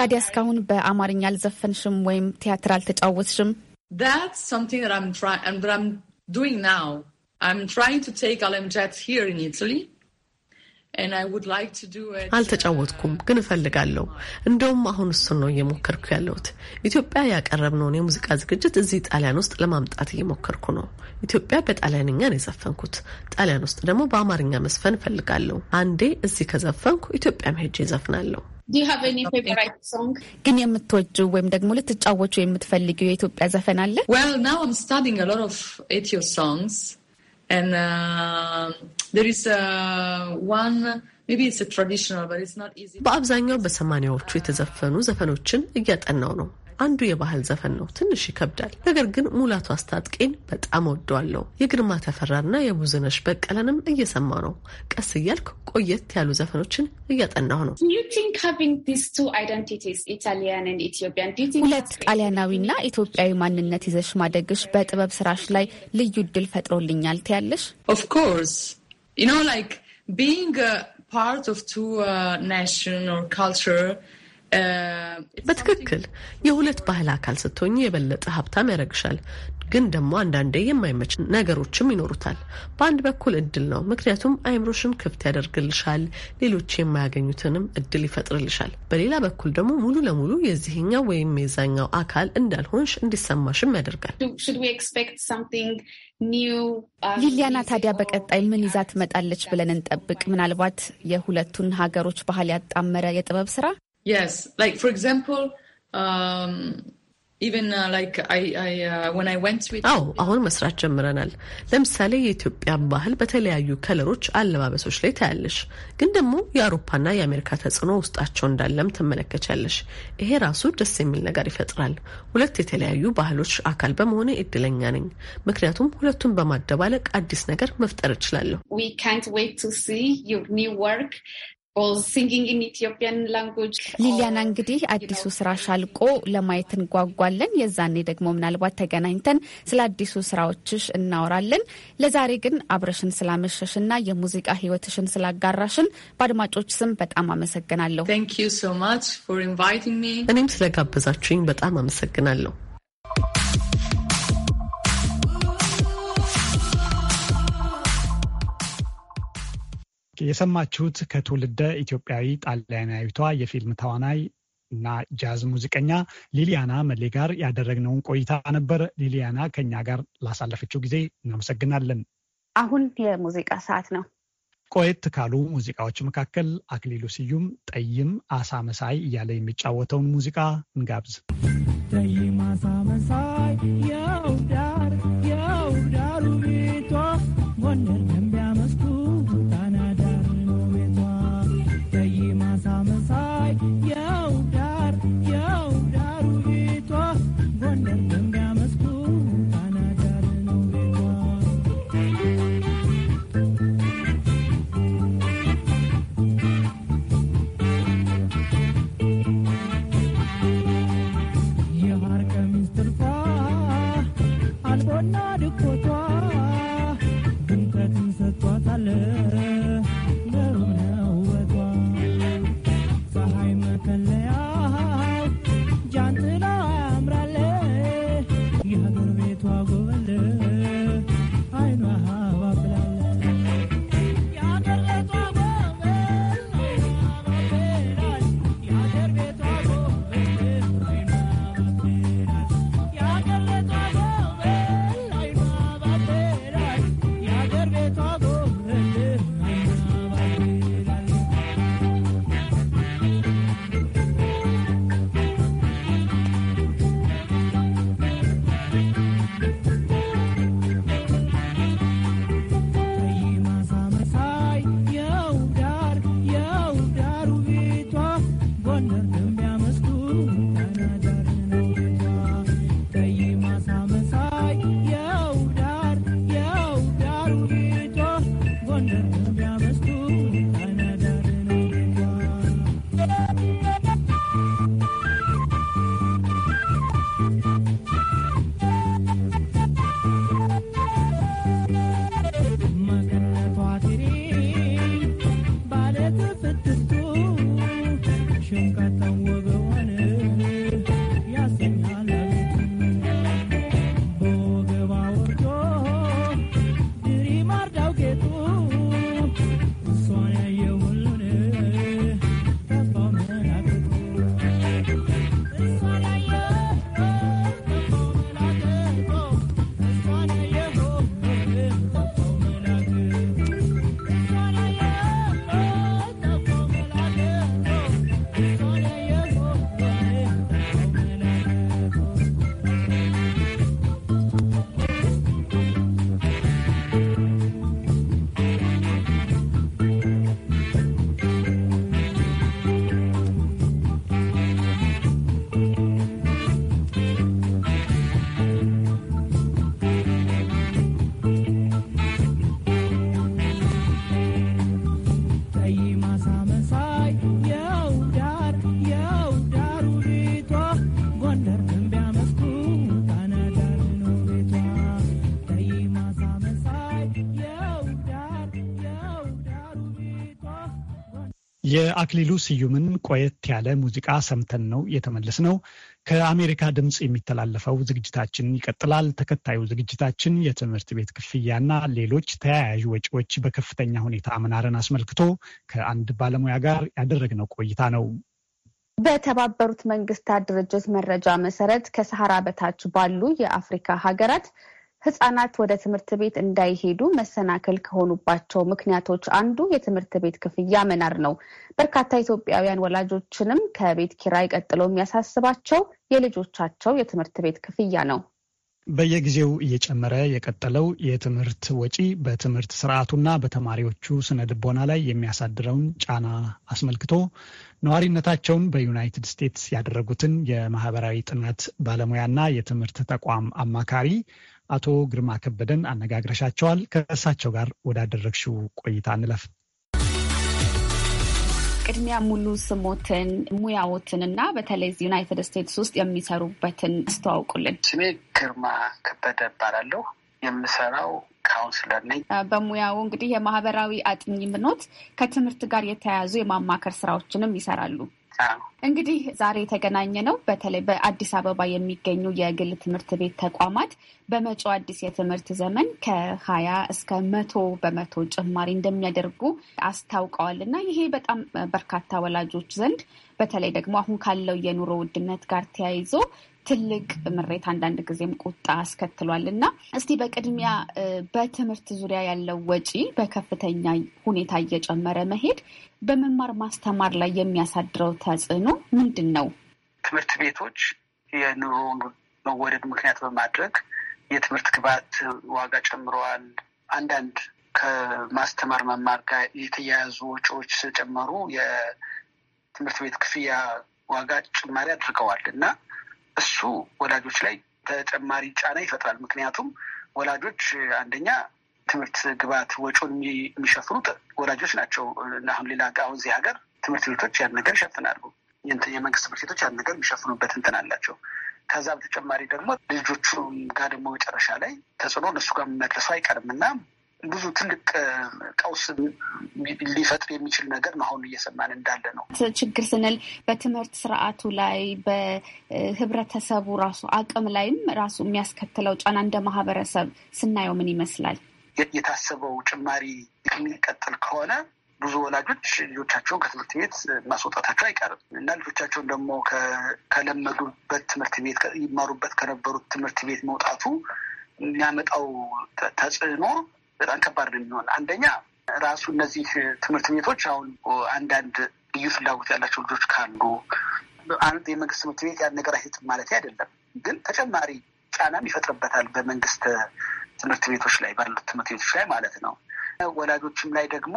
ታዲያ እስካሁን በአማርኛ አልዘፈንሽም ወይም ቲያትር አልተጫወትሽም? ዶንግ ናው ም ትራይንግ ቱ ቴክ አለምጃት ሂር ኢን ኢታሊ አልተጫወትኩም፣ ግን እፈልጋለሁ። እንደውም አሁን እሱን ነው እየሞከርኩ ያለሁት። ኢትዮጵያ ያቀረብነውን የሙዚቃ ዝግጅት እዚህ ጣሊያን ውስጥ ለማምጣት እየሞከርኩ ነው። ኢትዮጵያ በጣሊያንኛ ነው የዘፈንኩት። ጣሊያን ውስጥ ደግሞ በአማርኛ መስፈን እፈልጋለሁ። አንዴ እዚህ ከዘፈንኩ ኢትዮጵያም ሄጄ ዘፍናለሁ። ግን የምትወጁ ወይም ደግሞ ልትጫወቹ የምትፈልጊው የኢትዮጵያ ዘፈን አለ? and uh, there is uh, one Maybe it's a traditional, but it's not easy. አንዱ የባህል ዘፈን ነው። ትንሽ ይከብዳል። ነገር ግን ሙላቱ አስታጥቄን በጣም ወደዋለሁ። የግርማ ተፈራና የቡዝነሽ በቀለንም እየሰማ ነው። ቀስ እያልክ ቆየት ያሉ ዘፈኖችን እያጠናሁ ነው። ሁለት ጣሊያናዊና ኢትዮጵያዊ ማንነት ይዘሽ ማደግሽ በጥበብ ስራሽ ላይ ልዩ እድል ፈጥሮልኛል ትያለሽ? ኦፍኮርስ ዩ ፓርት ኦፍ ቱ ናሽን ኦር ካልቸር በትክክል የሁለት ባህል አካል ስትሆኝ የበለጠ ሀብታም ያደርግሻል። ግን ደግሞ አንዳንዴ የማይመች ነገሮችም ይኖሩታል። በአንድ በኩል እድል ነው፣ ምክንያቱም አይምሮሽን ክፍት ያደርግልሻል፣ ሌሎች የማያገኙትንም እድል ይፈጥርልሻል። በሌላ በኩል ደግሞ ሙሉ ለሙሉ የዚህኛው ወይም የዛኛው አካል እንዳልሆንሽ እንዲሰማሽም ያደርጋል። uh, ሊሊያና ታዲያ በቀጣይ ምን ይዛ ትመጣለች ብለን እንጠብቅ? ምናልባት የሁለቱን ሀገሮች ባህል ያጣመረ የጥበብ ስራ Yes, like for example, um, even uh, like I, I, uh, when I went with አዎ አሁን መስራት ጀምረናል። ለምሳሌ የኢትዮጵያ ባህል በተለያዩ ከለሮች አለባበሶች ላይ ታያለሽ፣ ግን ደግሞ የአውሮፓና የአሜሪካ ተጽዕኖ ውስጣቸው እንዳለም ትመለከቻለሽ። ይሄ ራሱ ደስ የሚል ነገር ይፈጥራል። ሁለት የተለያዩ ባህሎች አካል በመሆነ እድለኛ ነኝ፣ ምክንያቱም ሁለቱን በማደባለቅ አዲስ ነገር መፍጠር እችላለሁ። We can't wait to see your new work. ሊሊያና እንግዲህ አዲሱ ስራ ሻልቆ ለማየት እንጓጓለን። የዛኔ ደግሞ ምናልባት ተገናኝተን ስለ አዲሱ ስራዎችሽ እናወራለን። ለዛሬ ግን አብረሽን ስላመሸሽና የሙዚቃ ህይወትሽን ስላጋራሽን በአድማጮች ስም በጣም አመሰግናለሁ። እኔም ስለጋበዛችሁኝ በጣም አመሰግናለሁ። የሰማችሁት ከትውልደ ኢትዮጵያዊ ጣሊያናዊቷ የፊልም ተዋናይ እና ጃዝ ሙዚቀኛ ሊሊያና መሌ ጋር ያደረግነውን ቆይታ ነበር። ሊሊያና ከኛ ጋር ላሳለፈችው ጊዜ እናመሰግናለን። አሁን የሙዚቃ ሰዓት ነው። ቆየት ካሉ ሙዚቃዎች መካከል አክሊሉ ስዩም ጠይም አሳ መሳይ እያለ የሚጫወተውን ሙዚቃ እንጋብዝ። ጠይም አሳ መሳይ የአክሊሉ ስዩምን ቆየት ያለ ሙዚቃ ሰምተን ነው የተመለስ ነው። ከአሜሪካ ድምፅ የሚተላለፈው ዝግጅታችን ይቀጥላል። ተከታዩ ዝግጅታችን የትምህርት ቤት ክፍያና ሌሎች ተያያዥ ወጪዎች በከፍተኛ ሁኔታ መናርን አስመልክቶ ከአንድ ባለሙያ ጋር ያደረግነው ቆይታ ነው። በተባበሩት መንግስታት ድርጅት መረጃ መሰረት ከሰሐራ በታች ባሉ የአፍሪካ ሀገራት ህጻናት ወደ ትምህርት ቤት እንዳይሄዱ መሰናከል ከሆኑባቸው ምክንያቶች አንዱ የትምህርት ቤት ክፍያ መናር ነው። በርካታ ኢትዮጵያውያን ወላጆችንም ከቤት ኪራይ ቀጥሎ የሚያሳስባቸው የልጆቻቸው የትምህርት ቤት ክፍያ ነው። በየጊዜው እየጨመረ የቀጠለው የትምህርት ወጪ በትምህርት ስርዓቱና በተማሪዎቹ ስነ ልቦና ላይ የሚያሳድረውን ጫና አስመልክቶ ነዋሪነታቸውን በዩናይትድ ስቴትስ ያደረጉትን የማህበራዊ ጥናት ባለሙያና የትምህርት ተቋም አማካሪ አቶ ግርማ ከበደን አነጋግረሻቸዋል። ከእሳቸው ጋር ወዳደረግሽው ቆይታ እንለፍ። ቅድሚያ ሙሉ ስሞትን፣ ሙያዎትን እና በተለይ ዩናይትድ ስቴትስ ውስጥ የሚሰሩበትን አስተዋውቁልን። ስሜ ግርማ ከበደ እባላለሁ። የምሰራው ካውንስለር ነኝ። በሙያው እንግዲህ የማህበራዊ አጥኚ ምኖት ከትምህርት ጋር የተያያዙ የማማከር ስራዎችንም ይሰራሉ። እንግዲህ ዛሬ የተገናኘ ነው በተለይ በአዲስ አበባ የሚገኙ የግል ትምህርት ቤት ተቋማት በመጪው አዲስ የትምህርት ዘመን ከሀያ እስከ መቶ በመቶ ጭማሪ እንደሚያደርጉ አስታውቀዋል እና ይሄ በጣም በርካታ ወላጆች ዘንድ በተለይ ደግሞ አሁን ካለው የኑሮ ውድነት ጋር ተያይዞ ትልቅ ምሬት፣ አንዳንድ ጊዜም ቁጣ አስከትሏል እና እስቲ በቅድሚያ በትምህርት ዙሪያ ያለው ወጪ በከፍተኛ ሁኔታ እየጨመረ መሄድ በመማር ማስተማር ላይ የሚያሳድረው ተጽዕኖ ምንድን ነው? ትምህርት ቤቶች የኑሮን መወደድ ምክንያት በማድረግ የትምህርት ግብዓት ዋጋ ጨምረዋል። አንዳንድ ከማስተማር መማር ጋር የተያያዙ ወጪዎች ስለጨመሩ የትምህርት ቤት ክፍያ ዋጋ ጭማሪ አድርገዋል እና እሱ ወላጆች ላይ ተጨማሪ ጫና ይፈጥራል። ምክንያቱም ወላጆች አንደኛ ትምህርት ግብዓት ወጪውን የሚሸፍኑት ወላጆች ናቸው። አሁን ሌላ አሁን እዚህ ሀገር ትምህርት ቤቶች ያን ነገር ይሸፍናሉ። የመንግስት ትምህርት ቤቶች ያን ነገር የሚሸፍኑበት እንትን አላቸው። ከዛ በተጨማሪ ደግሞ ልጆቹ ጋር ደግሞ መጨረሻ ላይ ተጽዕኖ እነሱ ጋር መድረሱ አይቀርም እና ብዙ ትልቅ ቀውስ ሊፈጥር የሚችል ነገር ነው አሁን እየሰማን እንዳለ ነው። ችግር ስንል በትምህርት ስርዓቱ ላይ በህብረተሰቡ ራሱ አቅም ላይም ራሱ የሚያስከትለው ጫና እንደ ማህበረሰብ ስናየው ምን ይመስላል? የታሰበው ጭማሪ የሚቀጥል ከሆነ ብዙ ወላጆች ልጆቻቸውን ከትምህርት ቤት ማስወጣታቸው አይቀርም እና ልጆቻቸውን ደግሞ ከለመዱበት ትምህርት ቤት ይማሩበት ከነበሩት ትምህርት ቤት መውጣቱ የሚያመጣው ተጽዕኖ በጣም ከባድ ነው የሚሆን። አንደኛ ራሱ እነዚህ ትምህርት ቤቶች አሁን አንዳንድ ልዩ ፍላጎት ያላቸው ልጆች ካሉ አንድ የመንግስት ትምህርት ቤት ያን ነገር አይሰጥም ማለት አይደለም፣ ግን ተጨማሪ ጫናም ይፈጥርበታል በመንግስት ትምህርት ቤቶች ላይ ባሉት ትምህርት ቤቶች ላይ ማለት ነው። ወላጆችም ላይ ደግሞ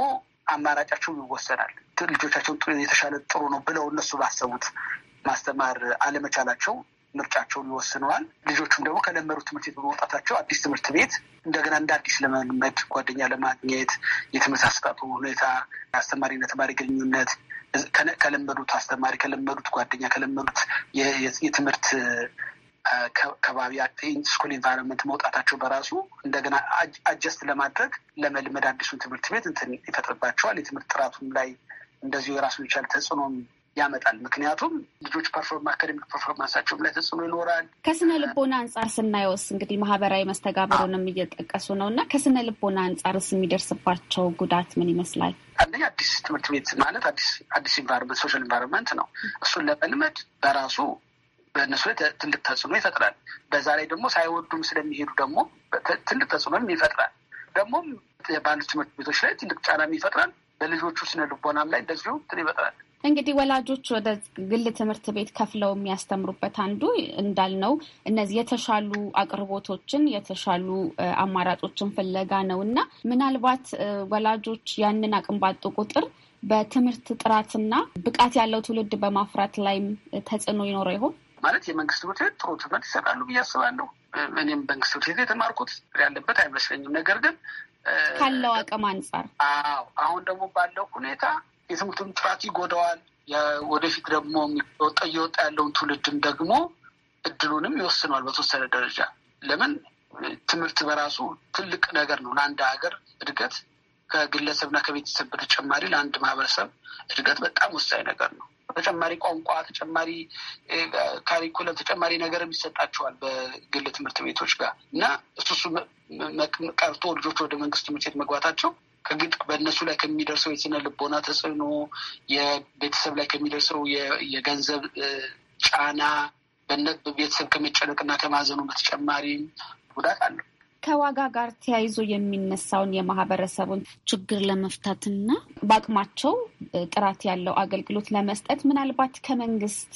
አማራጫቸው ይወሰናል። ልጆቻቸው የተሻለ ጥሩ ነው ብለው እነሱ ባሰቡት ማስተማር አለመቻላቸው ምርጫቸውን ይወስነዋል። ልጆቹም ደግሞ ከለመዱት ትምህርት ቤት በመውጣታቸው አዲስ ትምህርት ቤት እንደገና እንደ አዲስ ለመልመድ፣ ጓደኛ ለማግኘት፣ የትምህርት አሰጣጡ ሁኔታ፣ አስተማሪና ተማሪ ግንኙነት ከለመዱት አስተማሪ፣ ከለመዱት ጓደኛ፣ ከለመዱት የትምህርት ከባቢ ስኩል ኢንቫይሮንመንት መውጣታቸው በራሱ እንደገና አጀስት ለማድረግ ለመልመድ አዲሱን ትምህርት ቤት እንትን ይፈጥርባቸዋል። የትምህርት ጥራቱም ላይ እንደዚሁ የራሱን ይቻል ተጽዕኖም ያመጣል። ምክንያቱም ልጆች ፐርፎርማ አካደሚክ ፐርፎርማንሳቸውም ላይ ተጽዕኖ ይኖራል። ከስነ ልቦና አንጻር ስናየውስ እንግዲህ ማህበራዊ መስተጋብሩንም እየጠቀሱ ነው እና ከስነ ልቦና አንጻርስ የሚደርስባቸው ጉዳት ምን ይመስላል? አንደኛ አዲስ ትምህርት ቤት ማለት አዲስ አዲስ ኢንቫይሮንመንት ሶሻል ኢንቫይሮንመንት ነው። እሱን ለመልመድ በራሱ በእነሱ ላይ ትልቅ ተጽዕኖ ይፈጥራል። በዛ ላይ ደግሞ ሳይወዱም ስለሚሄዱ ደግሞ ትልቅ ተጽዕኖም ይፈጥራል። ደግሞም በአንድ ትምህርት ቤቶች ላይ ትልቅ ጫናም ይፈጥራል። በልጆቹ ስነ ልቦናም ላይ እንደዚሁ ትን ይፈጥራል። እንግዲህ ወላጆች ወደ ግል ትምህርት ቤት ከፍለው የሚያስተምሩበት አንዱ እንዳልነው እነዚህ የተሻሉ አቅርቦቶችን የተሻሉ አማራጮችን ፍለጋ ነው እና ምናልባት ወላጆች ያንን አቅም ባጡ ቁጥር በትምህርት ጥራትና ብቃት ያለው ትውልድ በማፍራት ላይም ተጽዕኖ ይኖረው ይሆን? ማለት የመንግስት ትምህርት ቤት ጥሩ ትምህርት ይሰጣሉ ብዬ አስባለሁ። እኔም መንግስት ትምህርት ቤት የተማርኩት ያለበት አይመስለኝም። ነገር ግን ካለው አቅም አንጻር አሁን ደግሞ ባለው ሁኔታ የትምህርቱን ጥራት ይጎዳዋል። ወደፊት ደግሞ የሚወጣ እየወጣ ያለውን ትውልድም ደግሞ እድሉንም ይወስነዋል በተወሰነ ደረጃ። ለምን ትምህርት በራሱ ትልቅ ነገር ነው ለአንድ ሀገር እድገት ከግለሰብና ከቤተሰብ በተጨማሪ ለአንድ ማህበረሰብ እድገት በጣም ወሳኝ ነገር ነው። ተጨማሪ ቋንቋ፣ ተጨማሪ ካሪኩለም፣ ተጨማሪ ነገርም ይሰጣቸዋል በግል ትምህርት ቤቶች ጋር እና እሱ እሱ ቀርቶ ልጆች ወደ መንግስት ትምህርት ቤት መግባታቸው ከግጥ በእነሱ ላይ ከሚደርሰው የስነ ልቦና ተጽዕኖ፣ የቤተሰብ ላይ ከሚደርሰው የገንዘብ ጫና በነት ቤተሰብ ከመጨነቅና ከማዘኑ በተጨማሪም ጉዳት አለው። ከዋጋ ጋር ተያይዞ የሚነሳውን የማህበረሰቡን ችግር ለመፍታትና በአቅማቸው ጥራት ያለው አገልግሎት ለመስጠት ምናልባት ከመንግስት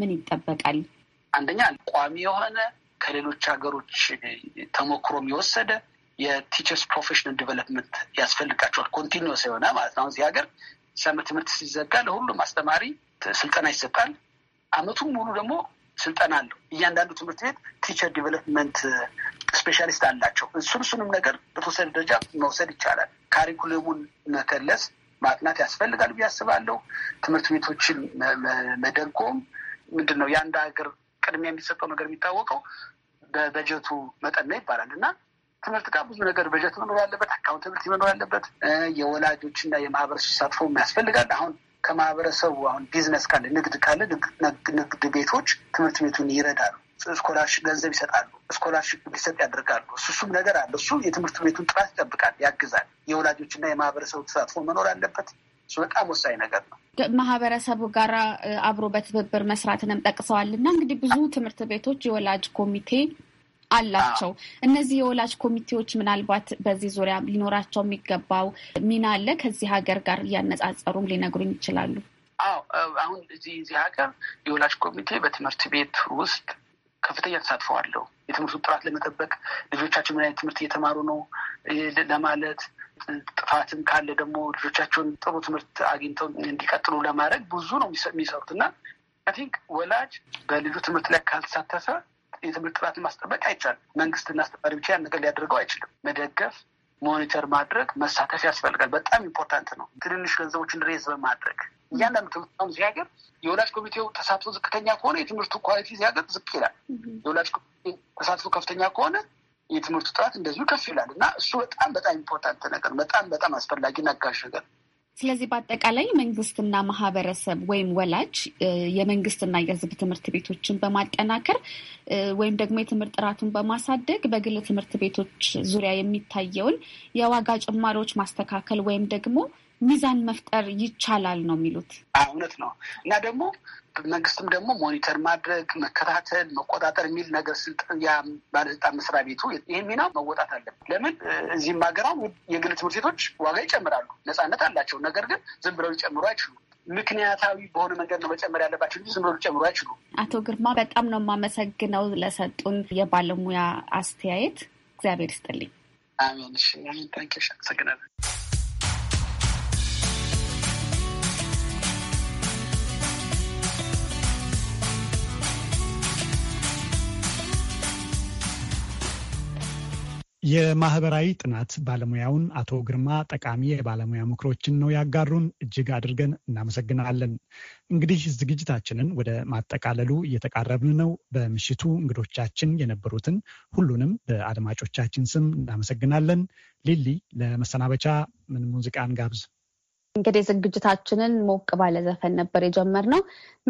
ምን ይጠበቃል? አንደኛ ቋሚ የሆነ ከሌሎች ሀገሮች ተሞክሮ የወሰደ የቲቸርስ ፕሮፌሽናል ዲቨሎፕመንት ያስፈልጋቸዋል። ኮንቲኒስ የሆነ ማለት ነው። አሁን እዚህ ሀገር ሰመ ትምህርት ሲዘጋ ለሁሉም አስተማሪ ስልጠና ይሰጣል። አመቱን ሙሉ ደግሞ ስልጠና አለው። እያንዳንዱ ትምህርት ቤት ቲቸር ዲቨሎፕመንት ስፔሻሊስት አላቸው። እሱን እሱንም ነገር በተወሰነ ደረጃ መውሰድ ይቻላል። ካሪኩለሙን መከለስ ማጥናት ያስፈልጋል ብዬ አስባለሁ። ትምህርት ቤቶችን መደጎም ምንድን ነው የአንድ ሀገር ቅድሚያ የሚሰጠው ነገር የሚታወቀው በበጀቱ መጠን ነው ይባላል እና ትምህርት ጋር ብዙ ነገር በጀት መኖር ያለበት፣ አካውንታብሊቲ መኖር ያለበት፣ የወላጆች እና የማህበረሰብ ተሳትፎ ያስፈልጋል። አሁን ከማህበረሰቡ አሁን ቢዝነስ ካለ ንግድ ካለ ንግድ ቤቶች ትምህርት ቤቱን ይረዳሉ። ስኮላርሽፕ ገንዘብ ይሰጣሉ። ስኮላርሽፕ እንዲሰጥ ያደርጋሉ። እሱም ነገር አለ። እሱ የትምህርት ቤቱን ጥራት ይጠብቃል፣ ያግዛል። የወላጆችና የማህበረሰቡ ተሳትፎ መኖር አለበት። እሱ በጣም ወሳኝ ነገር ነው። ማህበረሰቡ ጋር አብሮ በትብብር መስራትንም ጠቅሰዋል እና እንግዲህ ብዙ ትምህርት ቤቶች የወላጅ ኮሚቴ አላቸው። እነዚህ የወላጅ ኮሚቴዎች ምናልባት በዚህ ዙሪያ ሊኖራቸው የሚገባው ሚና አለ። ከዚህ ሀገር ጋር እያነጻጸሩም ሊነግሩኝ ይችላሉ። አዎ አሁን እዚህ እዚህ ሀገር የወላጅ ኮሚቴ በትምህርት ቤት ውስጥ ከፍተኛ ተሳትፎ አለው። የትምህርቱን ጥራት ለመጠበቅ ልጆቻቸው ምን አይነት ትምህርት እየተማሩ ነው ለማለት ጥፋትም ካለ ደግሞ ልጆቻቸውን ጥሩ ትምህርት አግኝተው እንዲቀጥሉ ለማድረግ ብዙ ነው የሚሰሩት እና አይ ቲንክ ወላጅ በልጁ ትምህርት ላይ ካልተሳተፈ የትምህርት ጥራትን ማስጠበቅ አይቻልም። መንግስትና አስተማሪ ብቻ ያን ነገር ሊያደርገው አይችልም። መደገፍ፣ ሞኒተር ማድረግ፣ መሳተፍ ያስፈልጋል። በጣም ኢምፖርታንት ነው። ትንንሽ ገንዘቦችን ሬዝ በማድረግ እያንዳንዱ ትምህርት አሁን እዚህ ሀገር የወላጅ ኮሚቴው ተሳትፎ ዝቅተኛ ከሆነ የትምህርቱ ኳሊቲ እዚህ ሀገር ዝቅ ይላል። የወላጅ ኮሚቴ ተሳትፎ ከፍተኛ ከሆነ የትምህርቱ ጥራት እንደዚሁ ከፍ ይላል እና እሱ በጣም በጣም ኢምፖርታንት ነገር፣ በጣም በጣም አስፈላጊ ነጋሽ ነገር ስለዚህ በአጠቃላይ መንግስትና ማህበረሰብ ወይም ወላጅ የመንግስትና የህዝብ ትምህርት ቤቶችን በማጠናከር ወይም ደግሞ የትምህርት ጥራቱን በማሳደግ በግል ትምህርት ቤቶች ዙሪያ የሚታየውን የዋጋ ጭማሪዎች ማስተካከል ወይም ደግሞ ሚዛን መፍጠር ይቻላል ነው የሚሉት። እውነት ነው እና ደግሞ መንግስትም ደግሞ ሞኒተር ማድረግ፣ መከታተል፣ መቆጣጠር የሚል ነገር ያ ባለስልጣን መስሪያ ቤቱ ይህ ሚና መወጣት አለበት። ለምን እዚህም ሀገራ የግል ትምህርት ቤቶች ዋጋ ይጨምራሉ፣ ነፃነት አላቸው። ነገር ግን ዝም ብለው ሊጨምሩ አይችሉም። ምክንያታዊ በሆነ መንገድ ነው መጨመር ያለባቸው እንጂ ዝም ብሎ ሊጨምሩ አቶ ግርማ በጣም ነው የማመሰግነው ለሰጡን የባለሙያ አስተያየት። እግዚአብሔር ይስጥልኝ። አሜን። አሜን። ታንኪሽ። አመሰግናለን። የማህበራዊ ጥናት ባለሙያውን አቶ ግርማ ጠቃሚ የባለሙያ ምክሮችን ነው ያጋሩን። እጅግ አድርገን እናመሰግናለን። እንግዲህ ዝግጅታችንን ወደ ማጠቃለሉ እየተቃረብን ነው። በምሽቱ እንግዶቻችን የነበሩትን ሁሉንም በአድማጮቻችን ስም እናመሰግናለን። ሊሊ፣ ለመሰናበቻ ምን ሙዚቃን ጋብዝ? እንግዲህ ዝግጅታችንን ሞቅ ባለ ዘፈን ነበር የጀመርነው።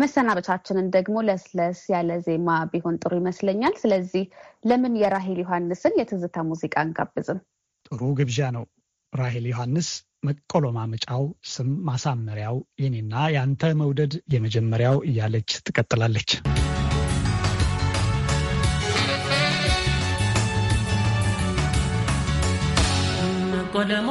መሰናበቻችንን ደግሞ ለስለስ ያለ ዜማ ቢሆን ጥሩ ይመስለኛል። ስለዚህ ለምን የራሄል ዮሐንስን የትዝታ ሙዚቃ አንጋብዝም? ጥሩ ግብዣ ነው። ራሄል ዮሐንስ መቆለማመጫው፣ ስም ማሳመሪያው፣ የኔና የአንተ መውደድ የመጀመሪያው እያለች ትቀጥላለች። ቆለማ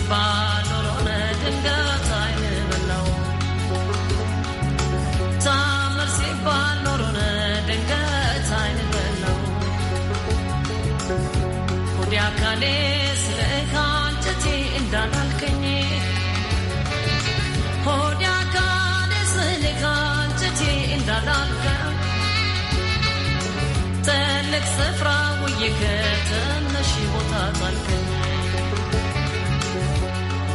ቢባል ድንገት አይበላው ታምር ሲባል ኖሮ ድንገት አይበላው ወዲ ትልቅ ስፍራ ውይከ ቦታ ጣልከኝ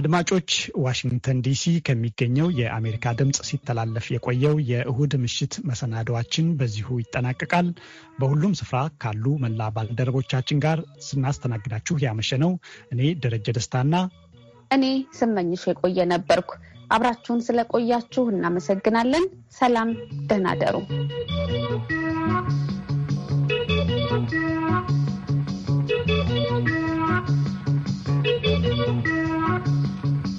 አድማጮች፣ ዋሽንግተን ዲሲ ከሚገኘው የአሜሪካ ድምፅ ሲተላለፍ የቆየው የእሁድ ምሽት መሰናዶዋችን በዚሁ ይጠናቀቃል። በሁሉም ስፍራ ካሉ መላ ባልደረቦቻችን ጋር ስናስተናግዳችሁ ያመሸ ነው። እኔ ደረጀ ደስታና እኔ ስመኝሽ የቆየ ነበርኩ። አብራችሁን ስለቆያችሁ እናመሰግናለን። ሰላም፣ ደህና ደሩ።